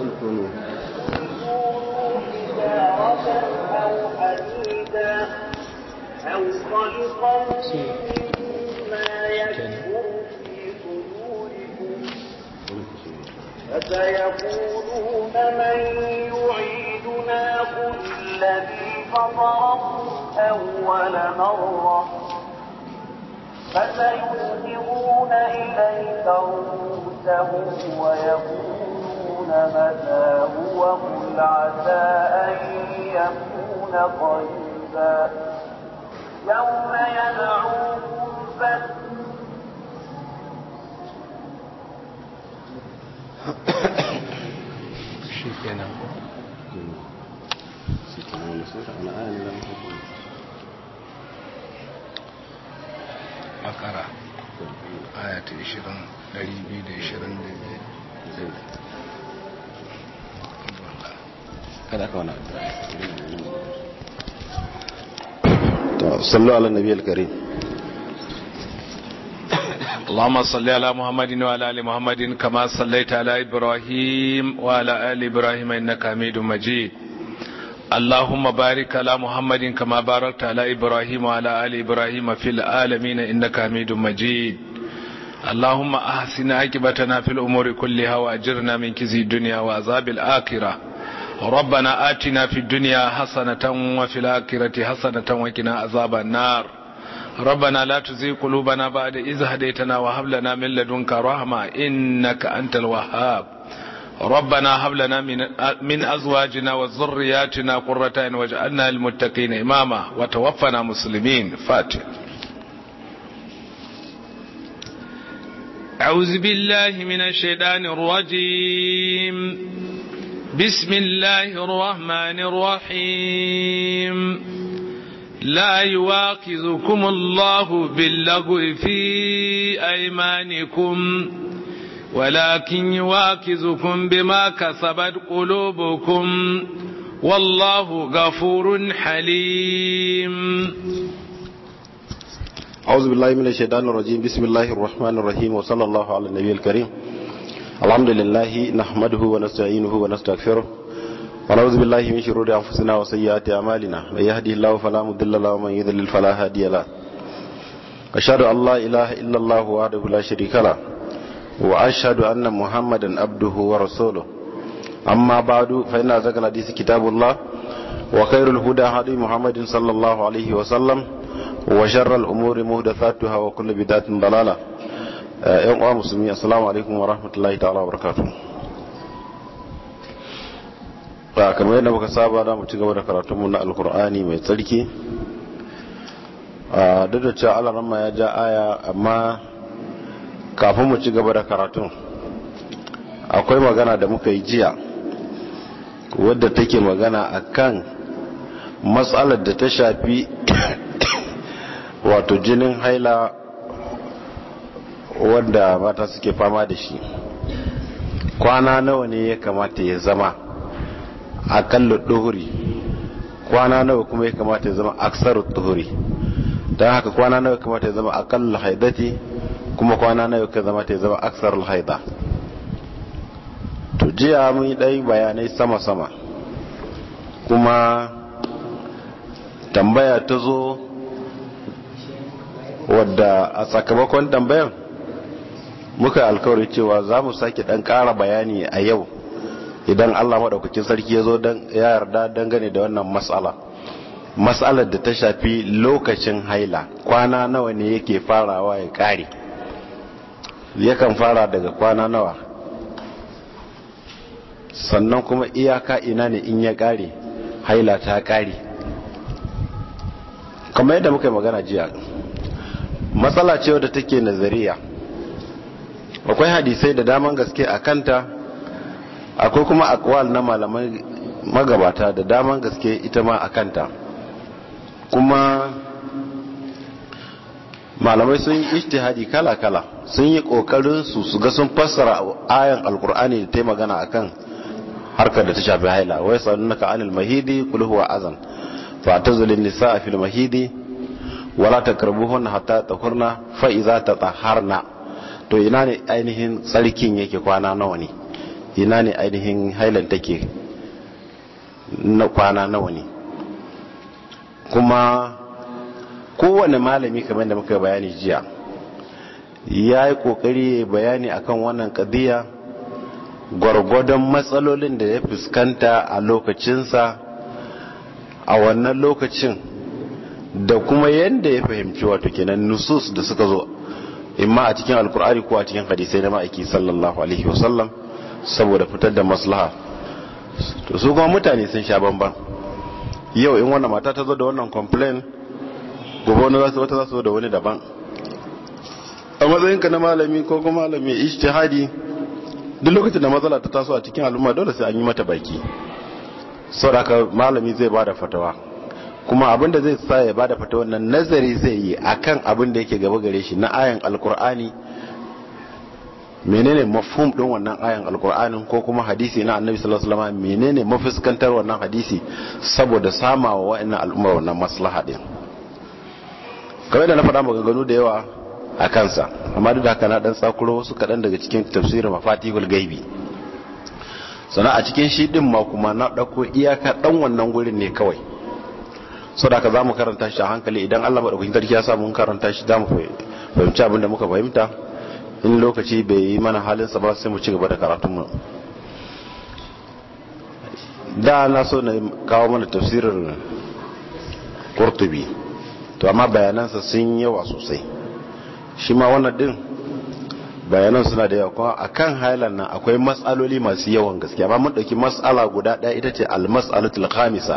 القلوب أو حديدا أو خلقا مما يكبر في صدوركم فسيقولون من يعيدنا قل الذي فطره أول مرة فسيظهرون إليك رؤوسهم ويقولون متى هو قل عسى أن يكون قريبا يوم يدعوكم شيخنا بقرة آية 20 225 kada ka wani sallu ala nabiyar kare Allahumma salli ala Muhammadin wa ala ali Muhammadin kama sallaita ala Ibrahim wa ala ali Ibrahim innaka Hamidum Majid Allahumma ala Muhammadin kama barakta ala Ibrahim wa ala ali Ibrahim fil alamin innaka Hamidum Majid Allahumma ahsina aqibatana fil umuri kulliha wa ajirna min kizi dunya wa azabil akhirah ربنا آتنا في الدنيا حسنة وفي الآخرة حسنة وقنا عذاب النار ربنا لا تزغ قلوبنا بعد إذ هديتنا وهب لنا من لدنك رحمة إنك أنت الوهاب ربنا هب لنا من من ازواجنا وذرياتنا قرة أعين واجعلنا للمتقين اماما وتوفنا مسلمين فاتح أعوذ بالله من الشيطان الرجيم بسم الله الرحمن الرحيم لا يواخذكم الله باللغو في أيمانكم ولكن يواخذكم بما كسبت قلوبكم والله غفور حليم أعوذ بالله من الشيطان الرجيم بسم الله الرحمن الرحيم وصلى الله على النبي الكريم الحمد لله نحمده ونستعينه ونستغفره ونعوذ بالله من شرور أنفسنا وسيئات أعمالنا من يهده الله فلا مضل له ومن يضلل فلا هادي له أشهد أن لا إله إلا الله وحده لا شريك له وأشهد أن محمدا عبده ورسوله أما بعد فإن أزكى الحديث كتاب الله وخير الهدى هدي محمد صلى الله عليه وسلم وشر الأمور مهدثاتها وكل بدعة ضلالة Eh, yan uwa musulmi assalamu alaikum wa rahmatullahi ta'ala wa barakatu ba kamar yadda muka saba da mu ci gaba da karatunmu na alkur'ani mai tsarki ah, duk da cewa Allah ramma ya ja aya amma kafin mu ci gaba da karatun akwai magana da muka yi jiya wadda take magana akan matsalar da ta shafi wato jinin haila wanda mata suke fama da shi kwana nawa ne ya kamata ya zama akalla duhuri kwana nawa kuma ya kamata ya zama aksar duhuri don haka kwana nawa kamata ya zama akalla haidati kuma kwana nawa kamata ya zama aksarul haida to jiya mun yi ɗai bayanai sama-sama kuma tambaya ta zo wadda a sakamakon tambayan muka alkawari cewa za mu sake dan ƙara bayani a yau idan Allah maɗaukakin sarki ya zo ya yarda dangane da wannan matsala matsalar da ta shafi lokacin haila kwana nawa ne yake farawa ya ƙare yakan fara daga kwana nawa sannan kuma iyaka ina ne in ya ƙare haila ta ƙare kamar yadda muka yi magana jiya matsala ce wadda take nazariya akwai hadisai da daman gaske a kanta akwai kuma akwal na malamai magabata da daman gaske ita ma a kanta kuma malamai sun yi ijtihadi kala-kala sun yi kokarin su su ga sun fassara ayan alkur'ani da ta magana akan harkar da ta shafi haila wai sanunaka anil mahidi kul huwa azan fa zulin nisa fil mahidi wala takarbuhunna hatta tahurna fa ta tsaharna to ina ne ainihin tsarkin yake kwana nawa ne ina ne ainihin hailan take na kwana nawa ne kuma kowane malami kamar da muka bayani jiya ya yi kokari bayani akan wannan kadiya gwargwadon matsalolin da ya fuskanta a lokacinsa a wannan lokacin da kuma yadda ya fahimci wato kenan nusus da suka zo imma a cikin alkur'ani ko a cikin hadisai na ma'aiki sallallahu alaihi wasallam saboda fitar da maslaha to su kuma mutane sun sha bamban yau in wannan mata ta zo da wannan complain gobe wani wata za su zo da wani daban a matsayinka na malami ko kuma malami ijtihadi duk lokacin da matsala ta taso a cikin al'umma dole sai an yi mata baki saboda malami zai ba da fatawa kuma abin da zai sa ya bada fata wannan nazari zai yi akan abin da yake gaba gare shi na ayan alkur'ani menene mafhum din wannan ayan alkur'ani ko kuma hadisi na annabi sallallahu alaihi wasallam menene mafiskantar wannan hadisi saboda samawa wa'annan al'umma wannan maslaha din kamar da na faɗa maganganu da yawa a kansa amma duk da haka na dan tsakuro wasu kaɗan daga cikin tafsirin mafatihul gaibi sana a cikin shi din ma kuma na ɗauko iyaka ɗan wannan gurin ne kawai saboda ka zamu karanta shi a hankali idan Allah madaukakin sarki ya sa mun karanta shi zamu fahimci abin da muka fahimta in lokaci bai yi mana halin sa ba sai mu ci gaba da karatun mu da na so na kawo mana tafsirin Qurtubi to amma bayanansa sun yawa sosai shi ma wannan din bayanan suna da yawa kuma akan hailan nan akwai matsaloli masu yawan gaskiya amma mun ɗauki matsala guda daya ita ce al-mas'alatul khamisa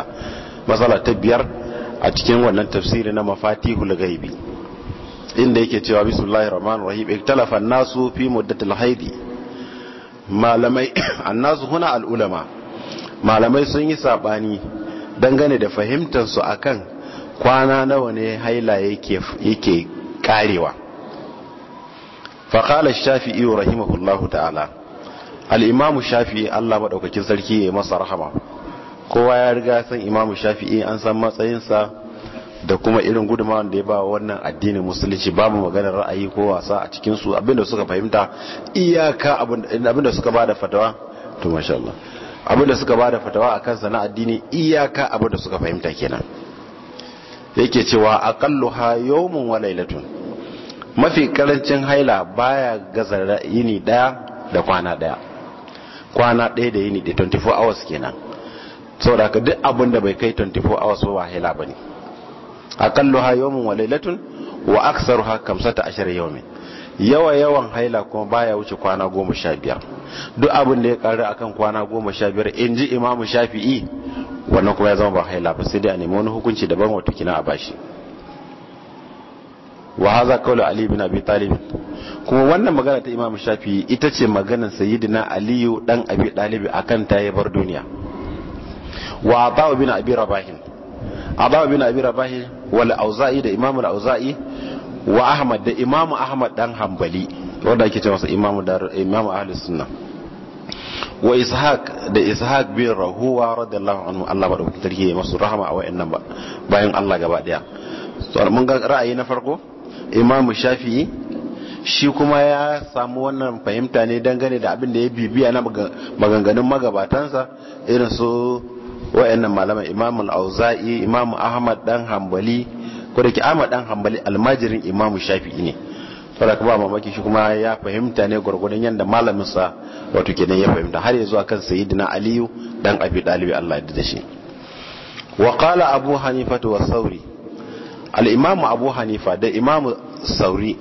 matsala ta biyar a cikin wannan tafsiri na mafatihul gaibi inda yake cewa bismillahir rahmanir rahim iktalafa an-nasu fi muddatil haidi malamai an-nasu huna al-ulama malamai sun yi sabani dangane da fahimtar su akan kwana nawa ne haila yake yake karewa fa qala ash-shafi'i rahimahullahu ta'ala al-imam shafi'i Allah madaukakin sarki ya masa rahama kowa ya riga san imamu shafi'i an san matsayinsa da kuma irin gudunmawar da ya ba wannan addinin musulunci babu maganar ra'ayi ko wasa a cikinsu abinda suka fahimta iyaka abinda suka ba da fatawa to masha Allah abinda suka ba da fatawa a kansa na addini iyaka abinda suka fahimta kenan yake cewa aqallu ha yawmun wa lailatun mafi karancin haila baya gaza yini daya da kwana daya kwana daya da yini da 24 hours kenan saboda ka duk abin da bai kai 24 hours ba wahila bane ha yawmun wa laylatun wa aktsaruha kamsata ashar yau yawa yawan haila kuma baya wuce kwana goma sha biyar duk abin da ya karu akan kwana goma sha biyar in ji imamu shafi'i wannan kuma ya zama ba haila ba sai dai a nemi wani hukunci daban wato kina a bashi wa haza kaula ali bin abi talib kuma wannan magana ta imamu shafi'i ita ce maganar sayyidina aliyu dan abi talib akan ta ya bar duniya wa atawa bin abi rabahin atawa bin abi rabahin wal auza'i da imamu al auza'i wa ahmad da imamu ahmad dan hanbali wanda ake ce masa imamu dar imamu ahlus sunna wa ishaq da ishaq bin rahuwa radiyallahu anhu Allah ba dauki tarkiye masu rahama a wayannan ba bayan Allah gaba daya so mun ga ra'ayi na farko imamu shafi'i shi kuma ya samu wannan fahimta ne dangane da abin da ya bibiya na maganganun magabatansa irin su wa'annan malaman imam al-auza'i imam ahmad dan hanbali ko da ke ahmad dan hanbali almajirin imam shafi'i ne saboda ba mamaki shi kuma ya fahimta ne gwargwadon yadda malamin sa wato kenan ya fahimta har ya zuwa kan sayyidina aliyu dan abi dalibi Allah ya da shi wa qala abu hanifa wa sauri al-imam abu hanifa da imam sauri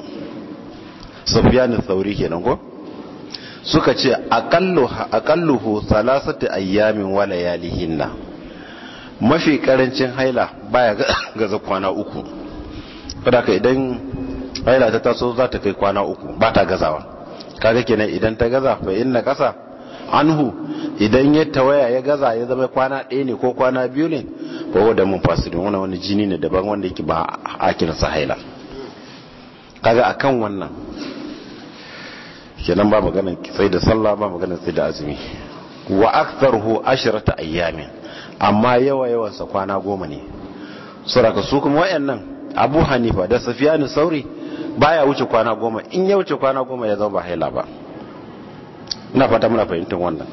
sufyan sauri kenan ko suka ce aqalluhu aqalluhu thalathati ayyamin wa layalihinna mafi karancin haila baya gaza kwana uku ka idan haila ta taso za ta kai kwana uku ba ta gazawa kaga kenan idan ta gaza fa inna kasa anhu idan ya tawaya ya gaza ya zama kwana ɗaya ne ko kwana biyu ne ko da mun fasirin wani wani jini ne daban wanda yake ba a kiransa haila kaga akan wannan kenan ba magana sai da sallah ba magana sai da azumi wa aktharuhu ashrata ayyamin amma yawa yawansa kwana goma ne suraka su kuma wayannan abu hanifa da sufiyanu sauri baya wuce kwana goma in ya wuce kwana goma ya zama ba haila ba ina fata muna fahimtar wannan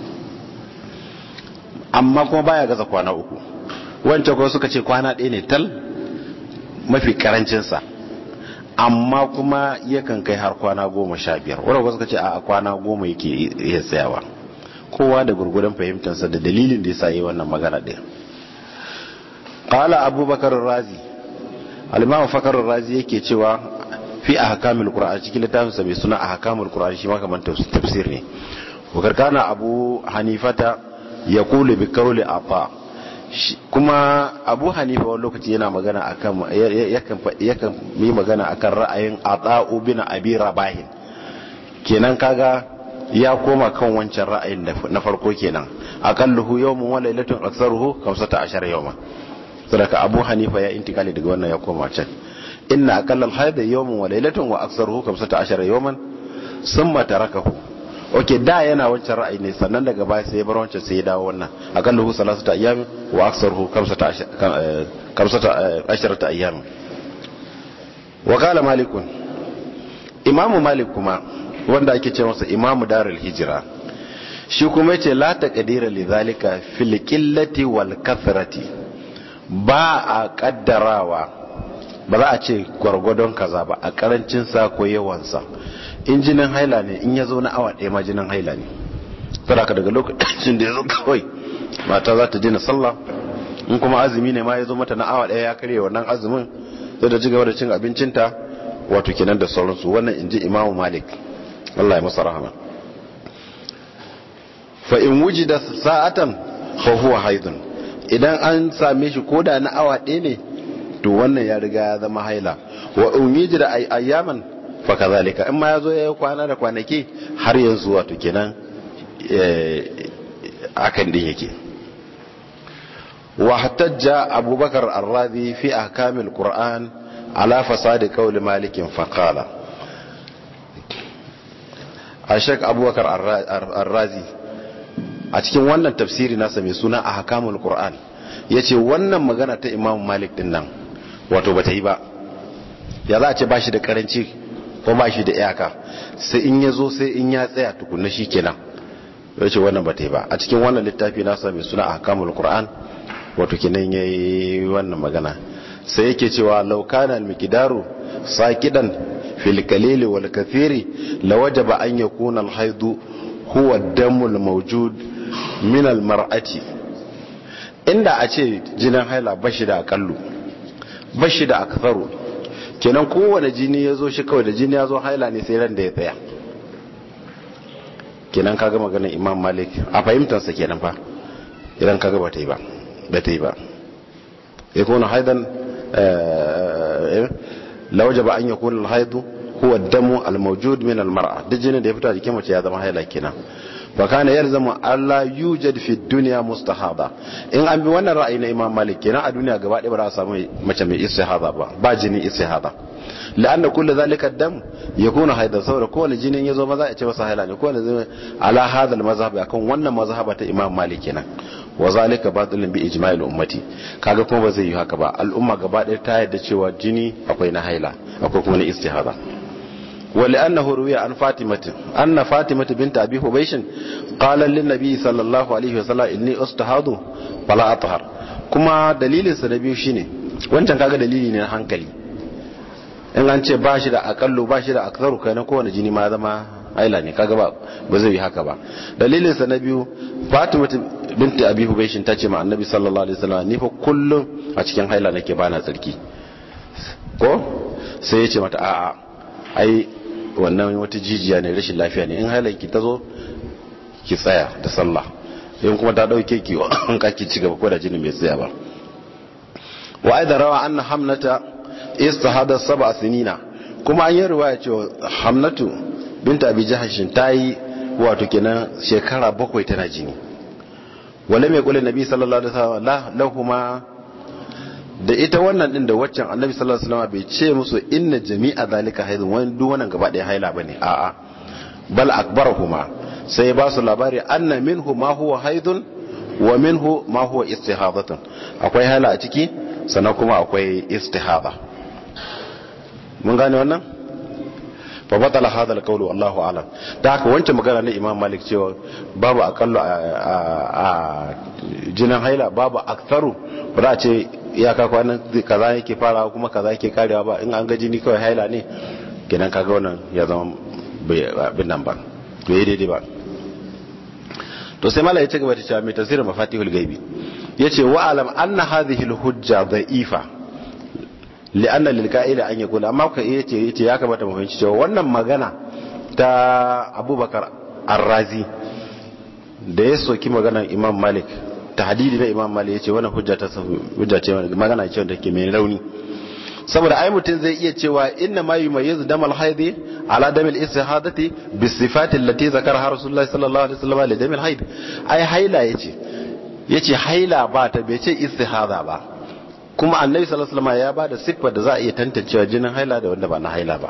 amma kuma baya gaza kwana uku wancan kuma suka ce kwana ɗaya ne tal mafi karancinsa amma kuma yakan kai har kwana goma sha biyar wadda suka ce a kwana goma yake iya tsayawa kowa da gurgudan fahimtarsa da dalilin da ya sa wannan magana ɗin ƙala abubakar razi al fakar razi yake cewa fi hakamun ƙura'a cikin littafin mai suna hakamun ƙura'a shi makamanta su tafsir ne wakar kana abu hanifata ya kulu bi a fa. kuma abu hanifa wani lokaci yana magana a yakan yi magana akan ra'ayin ata'u bin abi rabahin kenan kaga ya koma kan wancan ra'ayin na farko kenan aqalluhu yawmun wa lailatun aktsaruhu 15 yawma sadaka Abu Hanifa ya intikali daga wannan ya koma can inna aqallal hayd yawmun wa lailatun wa aktsaruhu 15 yawman summa tarakahu oke da yana wancan ra'ayi ne sannan daga baya sai ya bar wancan sai ya dawo wannan aqalluhu salasata ayyam wa aktsaruhu 15 ta ayyam wa qala malikun imamu malik kuma wanda ake ce masa imamu darul hijira shi kuma yace la taqdira li zalika fil qillati wal kathrati ba a kaddarawa ba za a ce gwargwadon kaza ba a karancin sa ko yawan sa injinin haila ne in ya zo na awa ɗaya ma haila ne ka daga lokacin da ya zo kawai mata za ta dina sallah in kuma azumi ne ma ya zo mata na awa ɗaya ya karye wannan azumin zai da ci gaba da cin abincinta wato kenan da sauransu wannan inji imamu malik Allah ya masa rahama fa in wujida sa'atan fa huwa haidun idan an same shi koda na awa ɗaya ne to wannan ya riga ya zama haila wa umiji da ayyaman fa kazalika in ma ya zo ya yi kwana da kwanaki har yanzu wato kenan eh, akan din yake wa hatajja abubakar arrazi fi ahkamil qur'an ala fasadi qawli malikin qala a shek abubakar arrazi a cikin wannan tafsiri nasa mai suna a hakamun qur'an ya ce wannan magana ta imam malik din nan wato bata yi ba ya za a ce ba shi da karanci ko ba shi da iyaka sai in ya zo sai in ya tsaya tukunna shi kenan ya ce wannan bata yi ba a cikin wannan littafi nasa mai suna a hakamun qur'an wato kenan ya yi wannan magana sai yake cewa laukanan mikidaru sakidan fil kalili wal kathiri lawajaba an yakuna al haidu huwa damul mawjud min al mar'ati inda a ce jinin haila bashi da akallu bashi da akfaru kenan kowane jini ya zo shi kawai da jini ya zo haila ne sai ran da ya tsaya kenan kaga maganar imam malik a fahimtarsa kenan fa idan kaga ba ta yi ba ba ta yi ba ya kuna haidan eh, eh, lawajaba an yakun al-haidu huwa ad-damu al-mawjud min al-mar'a duk jinin da ya fita jikin mace ya zama haila kenan fa kana yalzamu alla yujad fi dunya mustahaba in an bi wannan ra'ayi na imam malik kenan a duniya gaba ɗaya ba za a samu mace mai istihada ba ba jini istihada la'anna kullu zalika ad-dam yakunu haida saboda kowane jinin yazo maza ya ce masa haila ne wani ala hadha al-mazhab akan wannan mazhaba ta imam malik kenan wa zalika batilun bi ijma'il ummati kaga kuma ba zai yi haka ba al'umma gaba ɗaya ta yadda cewa jini akwai na haila akwai kuma na istihara wa li'annahu ruwiya an fatimatu anna fatimatu bint abi hubaysh qalat lin nabi sallallahu alaihi wa sallam inni ustahadu fala atahar kuma dalilin sa na biyu shine wancan kaga dalili ne na hankali in an ce ba shi da akallu ba shi da aksaru kai na kowane jini ma zama haila ne kaga ba ba zai yi haka ba dalilin sa na biyu fatimatu binti abi hubaishin ta ce ma annabi sallallahu alaihi wasallam ni fa kullum a cikin haila nake bana tsarki ko sai yace mata a'a ai wannan wata jijiya ne rashin lafiya ne in haila ki tazo ki tsaya da sallah in kuma ta dauke ki an ka ki cigaba ko da jini bai tsaya ba wa aidan rawa anna hamnata istahada sab'a sinina kuma an yi riwaya cewa hamnatu binta abi jahashin tayi wato kenan shekara bakwai tana jini walam yaqul annabi sallallahu alaihi wasallam lahuma da ita wannan din da waccan annabi sallallahu alaihi wasallam bai ce musu inna jami'a zalika haidun wani duk wannan gaba ɗaya haila bane a'a bal akbarahuma sai ba su labari anna minhu ma huwa haidun wa minhu ma huwa istihadatun akwai haila a ciki sannan kuma akwai istihada mun gane wannan fa batala hadha wallahu alam da haka wancan magana na imam malik cewa babu akallu a jinan haila babu aktharu ba za a ce iyaka kwanan kaza yake fara kuma kaza yake karewa ba in an ga jini kawai haila ne kenan kaga wannan ya zama bin nan ba bai daidai ba to sai mala ya ci gaba cewa mai tafsirin mafatihul gaibi yace wa alam anna hadhihi alhujja dha'ifa li'anna lil qa'ila an yakula amma ku yace yace ya kamata mu fahimci cewa wannan magana ta Abubakar Ar-Razi da ya soki maganar Imam Malik hadidi na Imam Malik yace wannan hujja ta hujja ce magana ce wanda ke mai rauni saboda ai mutum zai iya cewa inna ma yumayyizu damal haidi ala damil istihadati bi sifati allati zakaraha rasulullahi sallallahu alaihi wasallam li damil haid ai haila yace yace haila ba ta bai ce istihada ba kuma annabi sallallahu alaihi wasallam ya bada siffar da za a iya tantancewa jinin haila da wanda ba na haila ba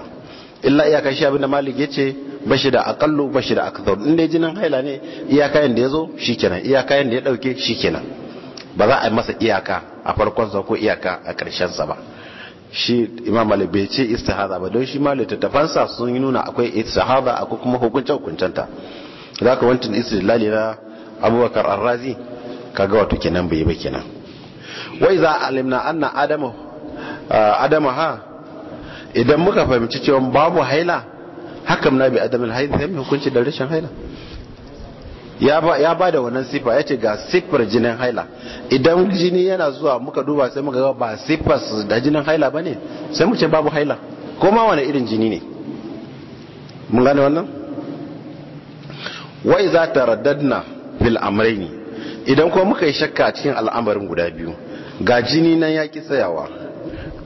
illa iyaka shi abinda malik yace ce bashi da aqallu bashi da akthar in dai jinin haila ne iyaka yanda yazo shikenan iyaka yanda ya dauke shikenan ba za a yi masa iyaka a farkon sa ko iyaka a karshen sa ba shi imam malik bai ce istihaza ba don shi ma tafansa sun yi nuna akwai istihaza akwai kuma hukuncin ta za ka wancan istidlali na abubakar arrazi kaga wato kenan bai yi ba kenan wai za alimna anna Adamu adama ha idan muka fahimci cewa babu haila hakan na bi adamul haila sai hukunci da rashin haila ya ba da wannan sifa ya ce ga siffar jinin haila idan jini yana zuwa muka duba sai muka ga ba sifar da jinin haila ba ne sai mu ce babu haila ko ma wani irin jini ne mun gane wannan wai za ta raddadna fil amraini idan kuma muka yi shakka cikin al'amarin guda biyu ga jini nan ya ki tsayawa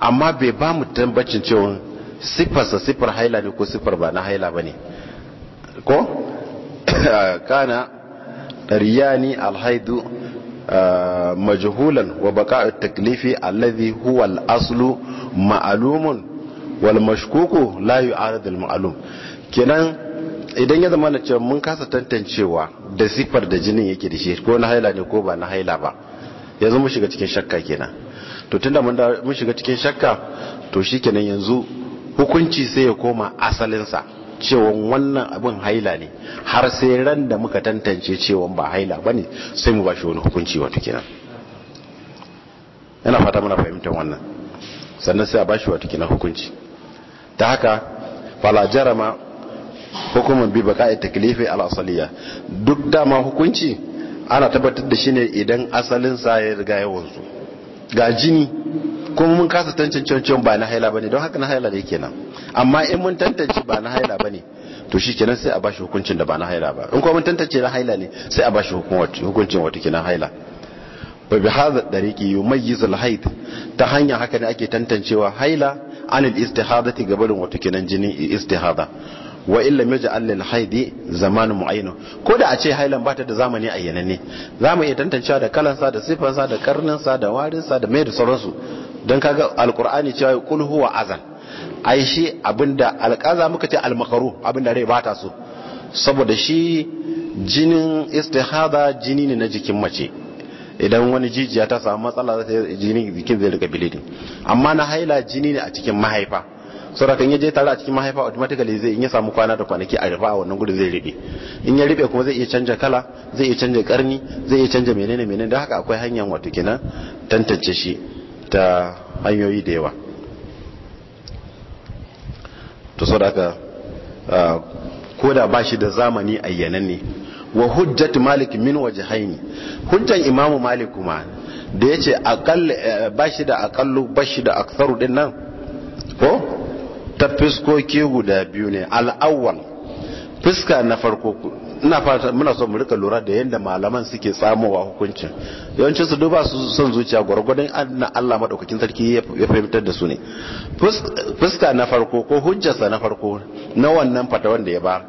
amma bai ba mu tambacin cewa siffarsa siffar haila ne ko siffar ba na haila ba ne ko kana riyani alhaidu ah, majhulan wa baka taklifi alladhi huwa al'aslu aslu ma'lumun wal mashkuku la kenan idan ya zama na cewa mun kasa tantancewa da sifar da jinin yake da shi ko na haila ne ko ba na haila ba yanzu mun shiga cikin shakka kenan to tunda mun mun shiga cikin shakka to shikenan yanzu hukunci sai ya koma asalinsa cewa wannan abin haila ne har sai ran da muka tantance cewa ba haila bane sai mu ba shi wani hukunci wato kenan ina fata muna fahimtar wannan sannan sai a bashi wato kenan hukunci ta haka fala jarama hukumin bi baka'i taklifi al-asaliya duk dama hukunci ana tabbatar da shi ne idan asalin sa ya riga ya wanzu ga jini kuma mun kasa tantance ba na haila bane don haka na haila ne kenan amma in mun tantance ba na haila bane to shi kenan sai a bashi hukuncin da ba na haila ba in kuma mun tantance na haila ne sai a bashi hukuncin wata kenan haila Ba bi hadha dariki yumayyiz al haid ta hanya haka ne ake tantancewa haila anil istihadati gabarin wata kenan jini istihada wa illam yaj'al lil haidi zamanin mu'ayyana ko da a ce hailan ba ta da zamani ayyananne za mu iya tantancewa da sa da sifansa da karninsa da warinsa da mai da sauransu dan kaga alqur'ani cewa kul huwa azan ai shi abinda alqaza muka ce almakaru abinda rai ba ta so saboda shi jinin istihada jini ne na jikin mace idan wani jijiya ta samu matsala jini jikin zai riga bilidin amma na haila jini ne a cikin mahaifa saboda kan je tare a cikin mahaifa automatically zai in ya samu kwana da kwanaki a riba a wannan gudun zai ribe in ya ribe kuma zai iya canja kala zai iya canja karni zai iya canja menene menene da haka akwai hanyar wato kenan tantance shi ta hanyoyi da yawa to saboda ko da ba shi da zamani ayyananne wa hujjat malik min wajhaini hujjan imamu malik kuma da yace aqall eh, ba shi da aqallu ba shi da aktharu din nan ko ta fiskoki guda biyu ne al'awwal fiska na farko ina fata muna so mu rika lura da yadda malaman suke samowa hukuncin yawancin su duba su son zuciya gwargwadon na Allah madaukakin sarki ya fahimtar da su ne fuska na farko ko hujjarsa na farko na wannan fata wanda ya ba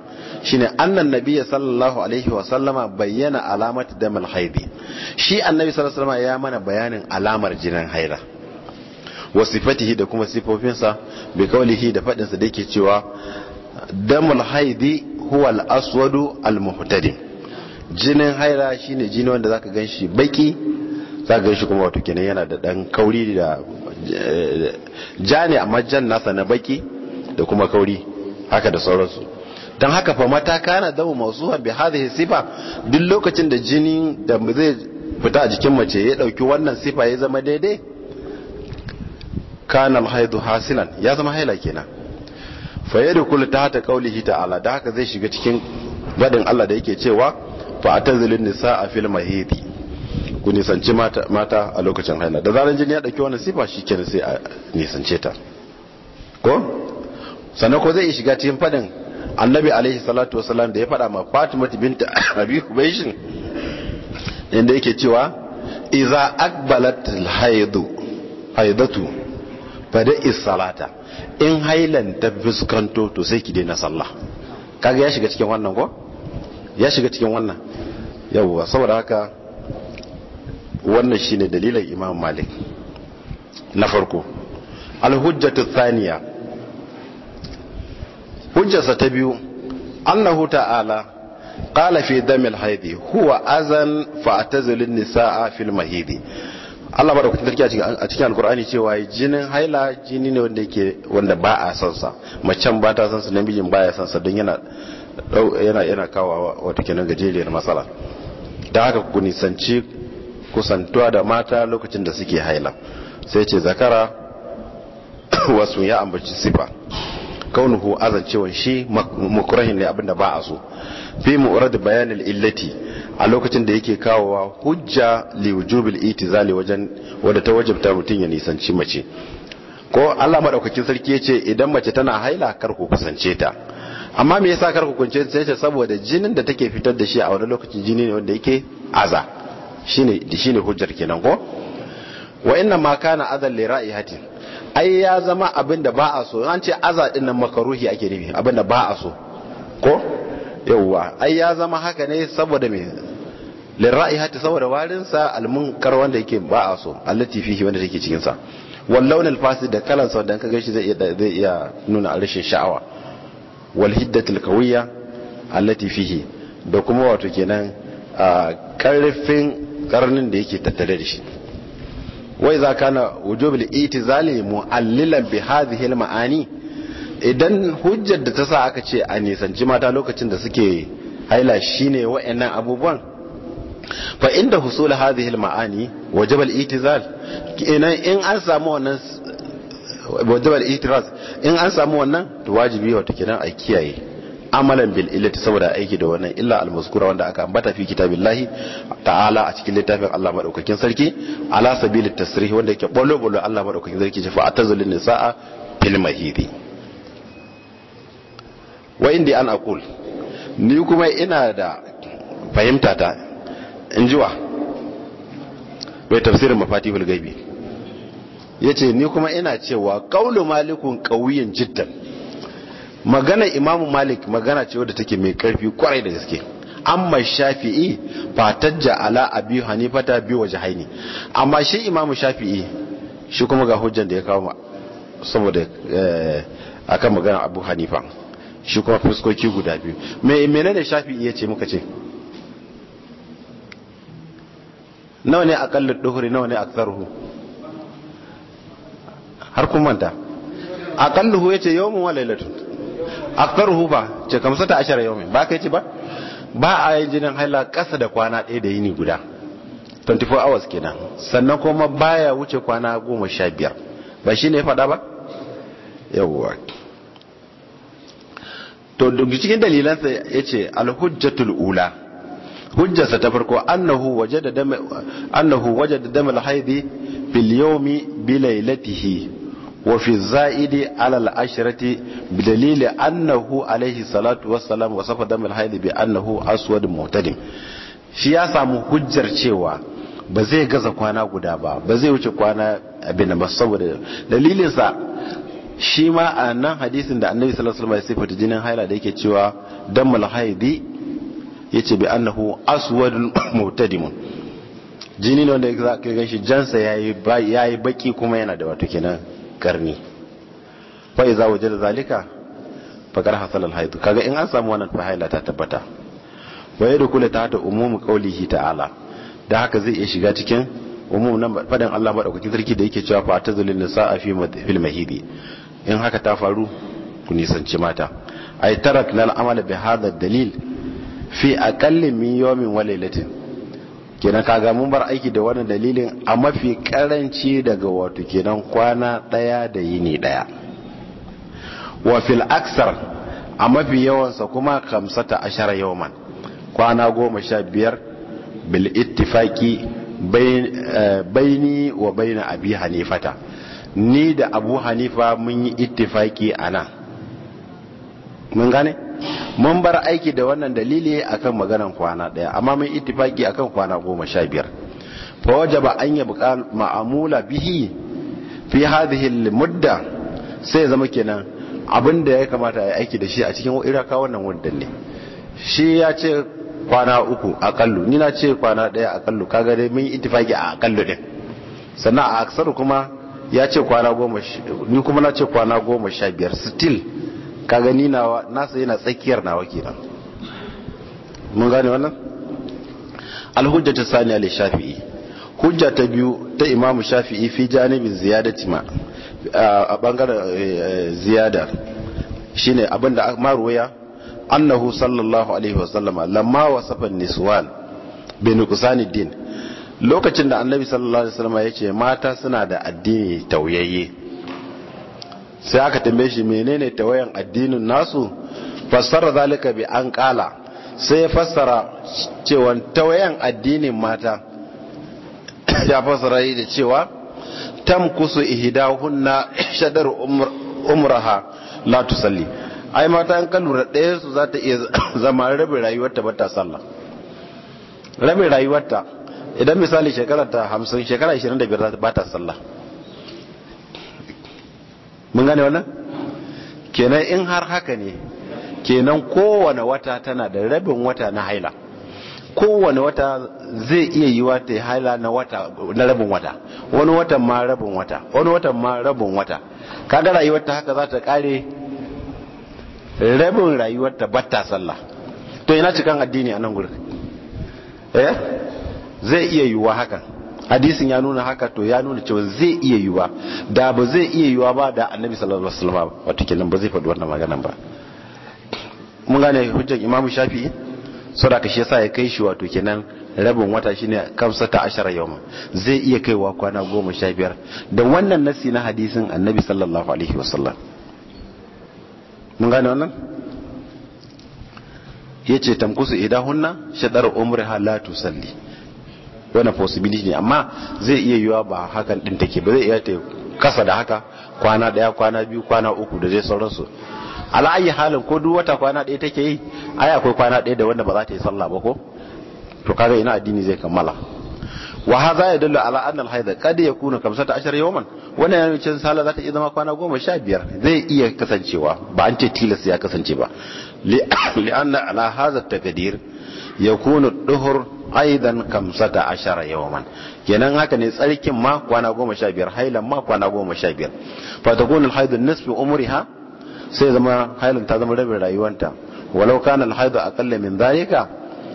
shine annan nabiyyi sallallahu alaihi wa sallama bayyana alamat damar haidi shi annabi sallallahu alaihi ya mana bayanin alamar jinin haira wa sifatihi da kuma sifofinsa bai kawalihi da faɗinsa da yake cewa damul haidi huwa al-aswadu al-muhtadi jinin haira shine jini wanda zaka ganshi baki zaka ganshi kuma wato kenan yana da ɗan kauri da eh, jani amma jan nasa na baki da kuma kauri haka da sauransu don haka fa mataka kana damu mausuwar bi hadhihi sifa duk lokacin da jini da zai fita a jikin mace ya ɗauki wannan sifa ya zama daidai kana alhaidu hasilan ya zama haila kenan fa yadkhul tahta qawlihi ta'ala da haka zai shiga cikin badin Allah da yake cewa fa atazilun nisaa fil mahidi ku nisanci mata mata a lokacin haila da zaran jini ya dauki wannan sifa shikenan sai a nisance ta ko sannan ko zai shiga cikin fadin annabi alaihi salatu wasalam da ya fada ma fatima binta abi hubaishin inda yake cewa iza akbalat alhaidu haidatu fada isalata in hailan ta fuskanto to sai ki daina sallah kaga ya shiga cikin wannan ko ya shiga cikin wannan yawwa saboda haka wannan shine dalilin imam malik na farko alhujjatu thaniya hujjarsa ta biyu annahu ta'ala qala fi damil haidi huwa azan fa atazilun nisaa fil mahidi Allah madaukakin sarki a cikin alkur'ani cewa jinin haila jini ne wanda yake wanda ba a son sa macen ba ta sansa sa namijin ba ya don yana yana yana kawo wata kenan gajeriyar matsala da haka ku nisanci kusantuwa da mata lokacin da suke haila sai ce zakara wasu ya ambaci sifa kaunuhu azancewan shi mukurahin ne abinda ba a so fi da bayanin illati a lokacin da yake kawowa hujja li wujubil itizali wajen wadda ta wajabta mutum ya nisanci mace ko Allah madaukakin sarki yace idan mace tana haila kar ku kusance ta amma me yasa kar ku kunce sai ce saboda jinin da take fitar da shi a wani lokacin jini ne wanda yake aza shine shine hujjar kenan ko wa inna ma kana adal li ra'ihatin ai ya zama abinda ba a so an ce aza din nan makaruhi ake nufi abinda ba a so ko yawwa ai ya zama haka ne saboda me lirra'i hatta saboda warinsa almunkar wanda yake ba a so allati fihi wanda take cikin sa wal lawn al fasid da kalan sa wanda ka shi zai iya zai iya nuna rashin sha'awa wal hiddatul qawiyya allati fihi da kuma wato kenan karfin karnin da yake tattare da shi wai za kana wujubul itizali mu'allilan bi hadhihi al ma'ani idan hujjar da ta sa aka ce a nisanci mata lokacin da suke haila shine wa'annan abubuwan fa inda husul hadhihi al-ma'ani wajib al-i'tizal kenan in an samu wannan wajib al-i'tiraz in an samu wannan to wajibi take nan a kiyaye amalan bil illati saboda aiki da wannan illa al-mazkura wanda aka ambata fi kitabillahi ta'ala a cikin littafin Allah madaukakin sarki ala sabilit tasrih wanda yake bolo bolo Allah madaukakin sarki ya fa atazulun nisaa fil mahidi wa indi an aqul ni kuma ina da fahimta ta in bai tafsirin mafatihul gaibi yace ni kuma ina cewa qaulu malikun qawiyin jiddan magana imamu malik magana ce wadda take mai karfi kwarai da gaske amma shafi'i fatajja ala abi hanifata bi wajhaini amma shi imam shafi'i shi kuma ga hujjan da ya kawo saboda eh, akan magana abu hanifa shi kuma fuskoki guda biyu mai menene shafi'i ya ce muka ce nawa ne aƙallar duhuri nawa ne Ruhu? har kun manta aƙalluhu ya ce yawmin wa lailatun Ruhu ba ce kamsata ashara yawmin ba kai ce ba ba a yin jinin haila ƙasa da kwana ɗaya da yini guda 24 hours kenan sannan kuma baya wuce kwana goma sha biyar ba shi ne faɗa ba yawwa to duk cikin dalilansa yace al-hujjatul ula hujjarsa ta farko annahu wajada dam annahu wajada dam al-haidi bil yawmi bi laylatihi wa fi zaidi ala al-ashrati bi dalili annahu alayhi salatu wassalam wasafa dam al-haidi bi annahu aswad mu'tadim shi ya samu hujjar cewa ba zai gaza kwana guda ba ba zai wuce kwana abin da saboda dalilinsa shi ma a nan hadisin da annabi sallallahu alaihi wasallam ya sifata jinin haila da yake cewa dammul haidi yace bi annahu aswadul mutadim jini ne wanda za ka ganshi jansa yayi yayi baki kuma yana da wato kenan karni fa iza wajad zalika hasal al haid kaga in an samu wannan fa haila ta tabbata wa kula ta ta umumu qawlihi ta'ala da haka zai iya shiga cikin umum nan fadan Allah madaukakin sarki da yake cewa fa tazulil nisaa fi fil mahidi in haka ta faru ku nisanci mata ai tarak na amala bi hada dalil fi aqalli min yawmin wa laylatin kenan kaga mun bar aiki da wannan dalilin a mafi karanci daga wato kenan kwana daya da yini daya wa fil aksar a mafi yawansa kuma kamsata ashara yawman kwana goma sha biyar bil ittifaki baini eh, wa baina abi hanifata ni da abu hanifa mun yi ittifaki a nan mun gane mun bar aiki da wannan dalili akan maganan kwana daya amma mun ittifaki akan kwana goma sha biyar fa ba an yi ma'amula bihi fi hadhihi mudda sai zama kenan abin da ya kamata a yi aiki da shi a cikin iraka wannan muddan ne shi ya ce kwana uku akallu ni na ce kwana daya akallu kaga dai mun ittifaki a akallu din sannan a aksaru kuma ya ce kwana goma ni kuma na ce kwana goma sha biyar still ka gani na nasa yana tsakiyar nawa kenan mun gane wannan alhujja ta sani ali shafi'i hujja ta biyu ta imamu shafi'i fi janibin ziyadati ma a bangaren eh, eh, ziyada shine abinda da maruwaya annahu sallallahu alaihi wasallama lamma wasafan niswan bin kusani din lokacin da annabi sallallahu alaihi wasallam ya ce mata suna da addini tauyayye sai aka tambaye shi menene tawayan addinin nasu fassara zalika bi an kala sai ya fassara cewa tawayan addinin mata ya fassara yi da cewa tamkusu ihdahunna shadar umraha la tusalli ai mata an kalura ɗaya su za ta iya zama rabin rayuwarta ba ta sallah rabin rayuwarta idan misali shekarar ta hamsin shekara 25 da biyar ba ta sallah mun gane wannan kenan in har haka ne kenan kowane wata tana da rabin wata na haila kowane wata zai iya yi wata haila na rabin wata wani watan ma rabin wata wani watan ma rabin wata kada rayuwar ta haka za ta kare rabin rayuwar ta batta sallah to ina cikan addini a nan gurin eh zai iya yiwuwa hakan hadisin ya nuna haka to ya nuna cewa zai iya yiwuwa da ba zai iya yiwuwa ba da annabi sallallahu alaihi wasallam wato kenan ba zai faɗi wannan maganan ba mun gane hujjar imamu shafi'i saboda shi yasa ya kai shi wato kenan rabin wata shine kamsata ashara yau zai iya kaiwa kwana goma sha biyar da wannan nasi na hadisin annabi sallallahu alaihi wasallam mun gane wannan yace tamkusu idahunna shadar umriha la tusalli wani possibility ne amma zai iya yiwa ba hakan din take ba zai iya ta kasa da haka kwana daya kwana biyu kwana uku da zai sauransu ala halin ko duk wata kwana daya take yi ai akwai kwana daya da wanda ba za ta yi sallah ba ko to kaga ina addini zai kammala wa hadha yadullu ala anna al-hayd qad yakunu kamsata ashar yawman wannan yana nufin sallah za ta iya zama kwana goma sha biyar zai iya kasancewa ba an ce tilas ya kasance ba li anna ala hadha at-taqdir yakunu aidan kamsata ashara yawman kenan haka ne tsarkin ma kwana goma sha biyar hailan ma kwana goma sha biyar fa alhaidu nisfi umriha sai zama hailan ta zama rabin rayuwanta walau kana alhaidu aqalla min dhalika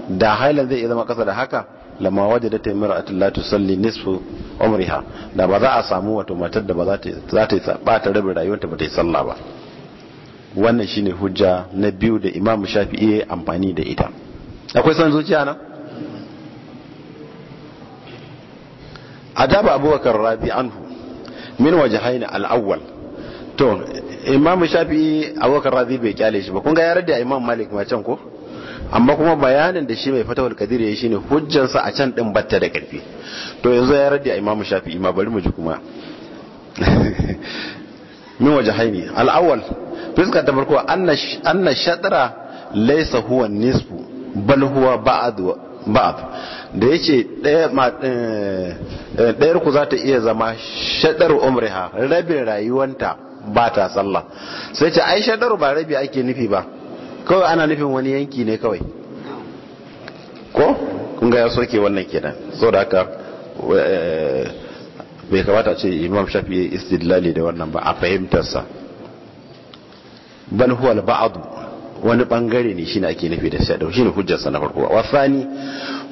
da hailan zai zama kasa da haka lama wajadat imra'atu la tusalli nisfu umriha da ba za a samu wato matar da ba za ta za ta bata rabin rayuwanta ba ta yi sallah ba wannan shine hujja na biyu da Imam Shafi'i amfani da ita akwai son zuciya na adaba abubakar rabi anhu min wajhaini al-awwal to imam shafi abubakar rabi bai kyale shi ba kun ga ya radda imam malik ma can ko amma kuma bayanin da shi mai fatawul kadir yayi shine hujjansa a can din batta da karfi to yanzu ya radda imam shafi ma bari mu ji kuma min wajhaini al-awwal fiska ta farko anna anna shatra laysa huwa nisfu bal huwa ba'd da ya ce eh, eh, ɗayar ku za ta iya zama shaɗar umriha rabin rayuwanta ba ta tsalla sai ce ai shaɗar ba rabi ake nufi ba kawai ana nufin wani yanki ne kawai ko kunga ya soke wannan kenan so da haka eh, bai kamata ce imam shafi ya istidlali da wannan ba a fahimtarsa ban huwa ba'adu wani bangare ne shine ake nufi da shaɗar ne hujjarsa na farko wasani